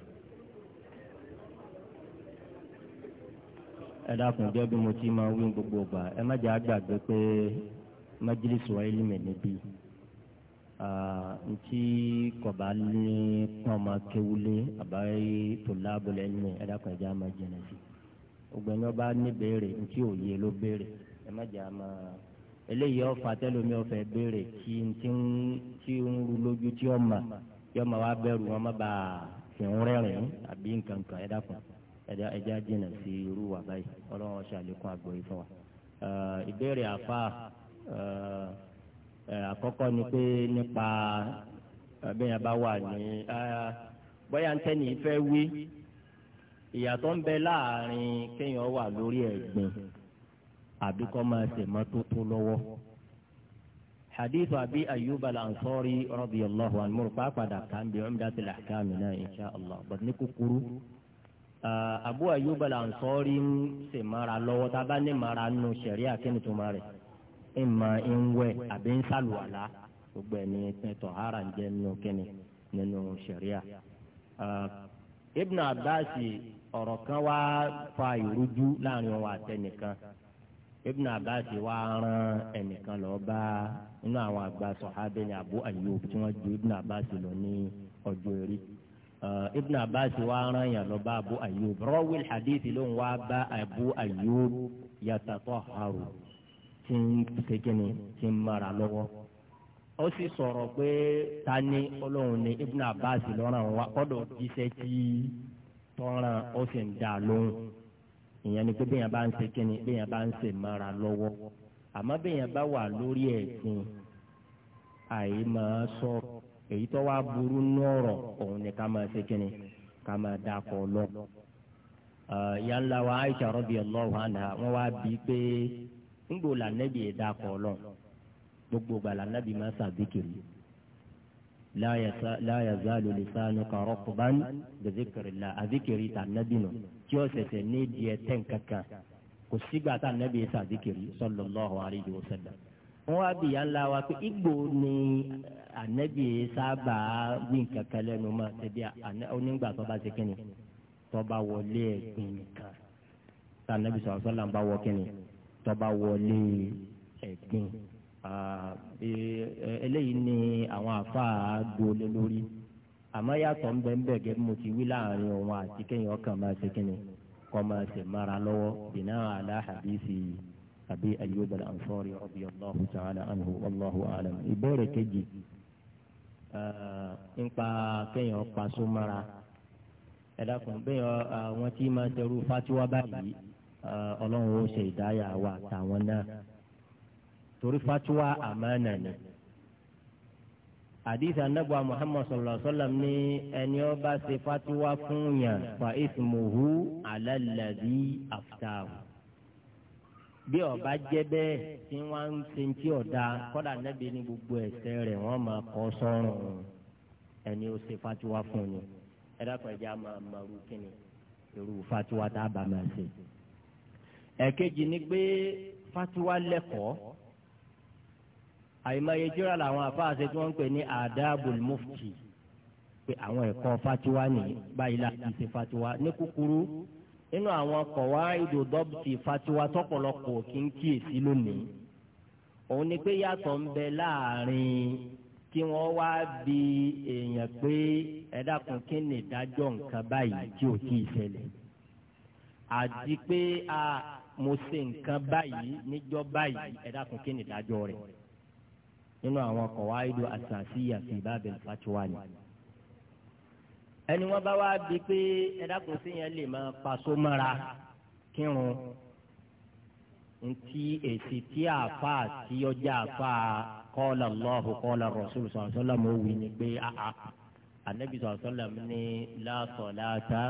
ẹ dákun jẹ́ bí mo ti máa wí gbogbo ọgbà ẹ má jẹ́ àgbàgbé pé májílísì wáyé lìmẹ̀ níbí ntí kọba ní kọ́má kéwulé àbáyé tó láàbùlẹ̀ ní ẹ dákun ẹ jẹ́ àmà jẹ̀nà sí ọgbẹ́ni ọba ní béèrè ntí òye ló béèrè ẹ má jẹ́ àmà eléyìí ọ̀fà tẹ́lómi ọ̀fẹ́ béèrè tí ntí tí ń ru lójú tí ọ̀ma yọ̀ma wa bẹ̀rù wọn má bàa fi ń rẹ́rìn-ín àbí nǹkan ẹ dákun ẹja ẹja jìnnà sí irú wa báyìí ọlọ́run ṣàlékún àgbọ̀ yìí fún wa. ìbéèrè àfa àkọ́kọ́ ni pé nípa bẹ́ẹ̀ bá wà ní bóyá ń tẹ́ni ìfẹ́ wí ìyàtọ̀ ń bẹ láàrin kéèyàn wà lórí ẹ̀gbìn àbí kọ́ máa ṣe mọ́tótó lọ́wọ́. hadithu abi ayyub al-ansari radiyallahu anhu murpa padà kan bi umdatil ahkam náà insha allah bàtí ní Eh, Abu Ayyub al-Ansari ń ṣe mara lọ́wọ́ tá a bá ní mara nù sẹ̀rí àkínìtúmọ̀ rẹ̀ ma ń wẹ̀ àbí ń sàlùwàlá gbogbo ẹni ẹ̀tọ́ hara ń jẹ́ nínú kínní nínú sẹ̀ríà. Eh, Ibn Abasi ọ̀rọ̀ kan wá fa ìrújú láàrin òun àtẹnìkan Ibn Abasi wa rán ẹnìkan lọ bá inú àwọn àgbà sọ̀hábẹ́ni Abu Ayyub tí wọ́n ju Ibn Abbas lọ ní ọjọ́ eré. Eh, ibn abbas wa ran yàn lọ bá abu ayub rọwìl hadith ló ń wá bá abu ayub yatatahharu tí ń kékeré tí ń mara lọ́wọ́. ó sì sọ̀rọ̀ pé ta ni ọlọ́run ni ibn abbas lọ́ràn wa kọ́dọ̀ jíṣẹ́ tí tọ́ran ó sì ń dà lóhùn. ni pé bẹ́ẹ̀ bá ń ṣe kíni bẹ́ẹ̀ bá mara lọ́wọ́. àmọ́ bẹ́ẹ̀ bá wà lórí ẹ̀sìn àyè sọ̀rọ̀. èyí tó wá burú nọ̀rọ̀ òun ni ká máa ṣe kíni ká máa dá kọ lọ. yàrá wa Aisha radiyallahu anha wọ́n wá bí pé ńgbò lànàbì yẹn dá kọ lọ gbogbo gbà lànàbì máa ṣàbíkiri. la yazalu lisanuka bi àbíkiri nù tí ó ṣẹ̀ṣẹ̀ ní diẹ tẹ̀ kankan kò sígbà ṣàbíkiri wọ́n wá bí wa ni ànábì sábà win nǹkan kan lẹ́nu ma tẹ̀bí onígbà tọba bá ṣe kínni tó bá wọlé ẹ̀gbìn nìkan wọ ni àwọn àfáà gbolé lórí àmọ́ yàtọ̀ ń gẹ́gẹ́ mo ti wí láàrin òun àti kéèyàn ọkàn kọ́ mara lọ́wọ́ bìnnà Eh, nípa kéèyàn paṣọ mọ́ra ẹ dákun eh, àwọn tí máa tẹrú fatiwa báyìí eh, ọlọ́run ó ṣe ìdáyà wa àtàwọn náà torí fatiwa àmánà ni àdìsí anábọ̀ muhammad sallallahu alayhi wa sallam ní ẹni ó ṣe fatiwa fún yàn fa ismuhu ala aftahu bí ọba jẹ bẹ́ẹ̀ tí wọn ń sin tí ọdá kódà nẹbi ní gbogbo ẹsẹ̀ rẹ̀ wọn máa kọ sọ́rùn ẹni ó ṣe fatiwa fún ni ẹ dákun ẹ jẹ àmà àmàlù kínní irú fatiwa tá a bá máa ṣe. ẹ̀kejì ni pé fatiwa lẹ́kọ̀ọ́ àyèmáyé jíra làwọn afáàṣẹ tí wọ́n ń pè ní adabul mufti pé àwọn ẹ̀kọ́ fatiwa ní báyìí láti ṣe fatiwa ní kúkúrú nínú àwọn kọ̀wá ìdòdọ́bùtì fatiwa tọ́pọ̀lọpọ̀ kí n kíyèsí lónìí òun ni pé yàtọ̀ ń bẹ láàrin kí wọ́n wá bi èèyàn pé ẹ dákun kí ni ìdájọ́ nǹkan báyìí tí ò tí ì ṣẹlẹ̀ àti pé a mo ṣe nǹkan báyìí níjọ́ báyìí ẹ kí ni ìdájọ́ rẹ̀ nínú àwọn kọ̀wá ìdò àṣàṣì àti ìbábẹ̀ fatiwa ni ẹni wọn bá wá bi pé ẹdákun sí yẹn lè máa faso mọ́ra kírun ntí èsì tí àfa tí ọjà àfa kọ́ọ̀lá Allahu kọ́ọ̀lá Rasul sallallahu alaihi wasallam ó wí ni pé àhà anabi sallallahu alaihi wasallam ní la salata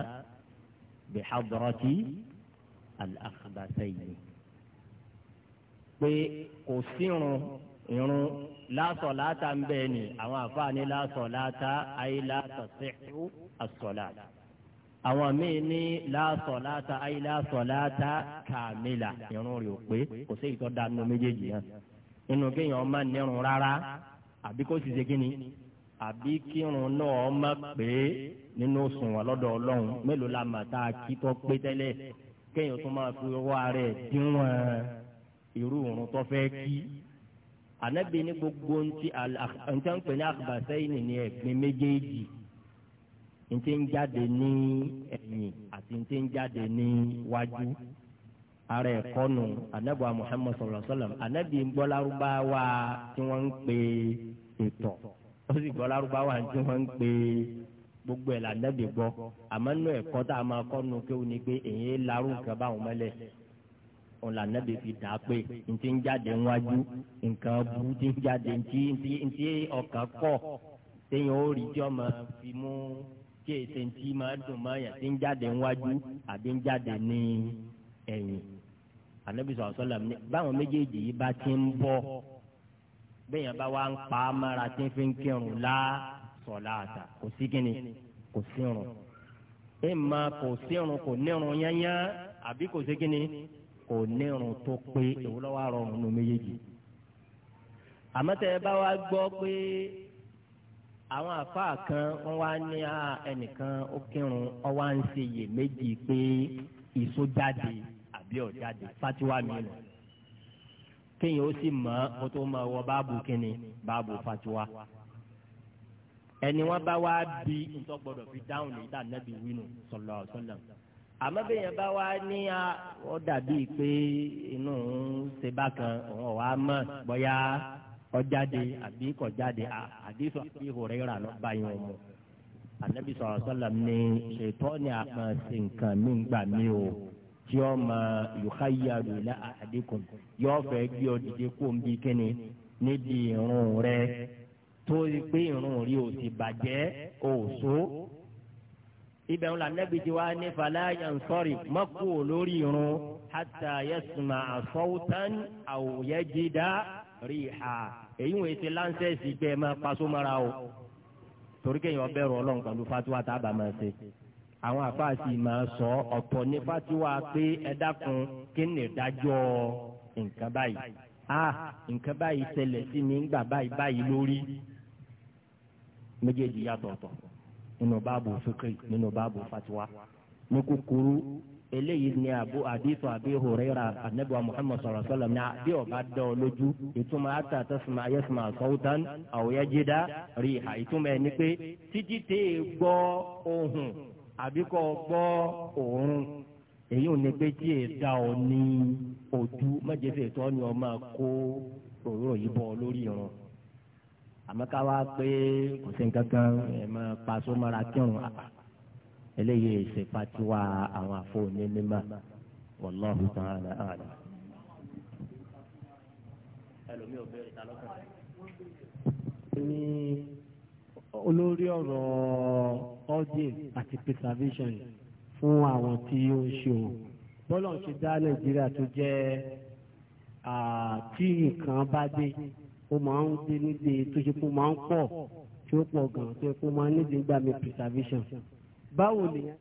bi hadrati al pé kò sírun irun la salata ń bẹ́ẹ̀ ni àwọn àfa ní la salata ayé la tasihu asọ̀lá. àwọn míì ní láàsọ̀láta ayé láàsọ̀láta kàmílà irun rẹ̀ ò pé kò sí ìtọ́ da nínú méjèèjì yẹn. inú kéèyàn ọmọ nírun rárá àbí kó sì ṣe kí ni àbí kírun náà ọmọ pé nínú sùn wọn lọ́dọ̀ ọlọ́run mélòó la mà tá a kí tó pé tẹ́lẹ̀ kéèyàn tó máa fi wá rẹ̀ díwọ̀n irú òrùn tó fẹ́ kí anabi ní gbogbo ntí ntí à ń pè ní àgbàsẹ́yìn ní ẹ̀gbin méjèèjì ntí ń jáde ní ẹ̀yìn àti ntí ń jáde ní wájú ara ẹ̀kọ́ nù anabu muhammad sallallahu alaihi wa sallam anabi ń gbọ́ lárúbáwá tí wọ́n ń pè ètò ó sì gbọ́ lárúbáwá tí wọ́n ń pè gbogbo ẹ̀ lànàbì gbọ́ àmọ́ nù ẹ̀kọ́ tá a máa kọ́ nù kéwù ni pé èyí larú nǹkan báwọn mẹ́lẹ̀ òun lànàbì fi dà á pé ntí ń jáde níwájú nǹkan bú ti ń jáde ntí ntí ntí ọkàn kọ́ téèyàn ó rí jọ́ fi mú tí èsì ti máa dùn máa yàn tí ń jáde ńwájú àbí ń jáde ní ẹ̀yìn ànábì sọ̀rọ̀ sọ́lá mi báwọn méjèèjì yìí bá ti ń bọ̀ bẹ́ẹ̀ yẹn bá wá ń pa á mára tí ń fi ń kírun lá sọ̀lá àtà kò sí kíni kò sírun ẹ máa kò sírun kò nírun yányá àbí kò sí kíni kò nírun tó pé èwo lọ́wọ́ àrọ̀rùn nù méjèèjì àmọ́ tẹ́ gbọ́ pé àwọn àfáà kan wọ́n wá ní ẹnìkan ó kírun ó wá ń ṣe iyèméjì pé ìsó jáde àbí ọ̀jáde fatiwa mìíràn kéèyàn ó sì mọ̀ ó tó máa wọ báàbù kínní báàbù fatiwa ẹni wọ́n bá wá bí ntọ́ gbọ́dọ̀ fi dáhùn ní ìdá nàbí wínú sọlọ sọlọ àmọ́ bí bá wá ní ọ dàbí pé inú ń ṣe bákan òun ọ̀ wá mọ̀ bóyá ọjáde àbí kọjáde àdìsọ àbí ìhòrẹ́ra lọ bá yín ọmọ anabi sọ̀rọ̀ sọ́lá ní ṣètò ní àpàṣẹ nǹkan mí gbà mí o tí ó ma yòókàyà rò ilá àdínkù yóò fẹ́ gbé ọ dìde kó ń bí kíni nídìí irun rẹ tó pé irun rí o sì bàjẹ́ òòso ibẹ̀ ńlá nẹ́bi tí wàá ní falaya ń sọ̀rì mọ́kù lórí irun hàtà yasuma àfọwùtán àwòyẹ́jìdá rìhà èyí wọ́n ti láńsẹ̀sì gbẹ ẹ máa paṣọ mọ́ra o torí kéèyàn bẹ̀rù ọlọ́run pẹ̀lú fatiwa tá a bá máa ṣe àwọn àfáàsì máa sọ ọ̀pọ̀ ní fatiwa pé ẹ dákun kí ni ìdájọ́ nǹkan báyìí a nǹkan báyìí ṣẹlẹ̀ sí mi ńgbà báyìí báyìí lórí méjèèjì yàtọ̀ọ̀tọ̀ nínú báàbù fíkì nínú báàbù fatiwa ní kúkúrú eléyìí ni abu adiifu abi hurera anabiwa muhammad sallallahu alaihi wa sallam ni abi ọba dán ọ lójú ìtumọ̀ ata tasuma ayesuma sawutan awuyajida riha ìtumọ̀ ẹni pé títí tẹ ẹ gbọ́ ohun àbí kọ́ gbọ́ òórùn èyí ò ní pé tí ẹ da ọ ní ojú mẹjẹsẹ tó ni ọ máa kó òróró yìí bọ lórí irun àmọ́ ká pé kò sí nǹkan kan ẹ máa pa eléyìí ìṣèpàtíwá àwọn àfọwọ́ni mímọ́ wàlláhu ta'ala àlà. ẹlòmíì ò bẹ̀rẹ̀ ìtàlọ́kàn. ní olórí ọ̀rọ̀ audience àti preservation fún àwọn tí ó ń ṣe o bọ́lá ń ṣe dá nàìjíríà tó jẹ́ tí nǹkan bá dé ó máa ń dé níbi tó ṣe kó máa ń pọ̀ tí ó pọ̀ gan-an tó ṣe kó máa ń níbi gbàmí preservation báwo nìyẹn.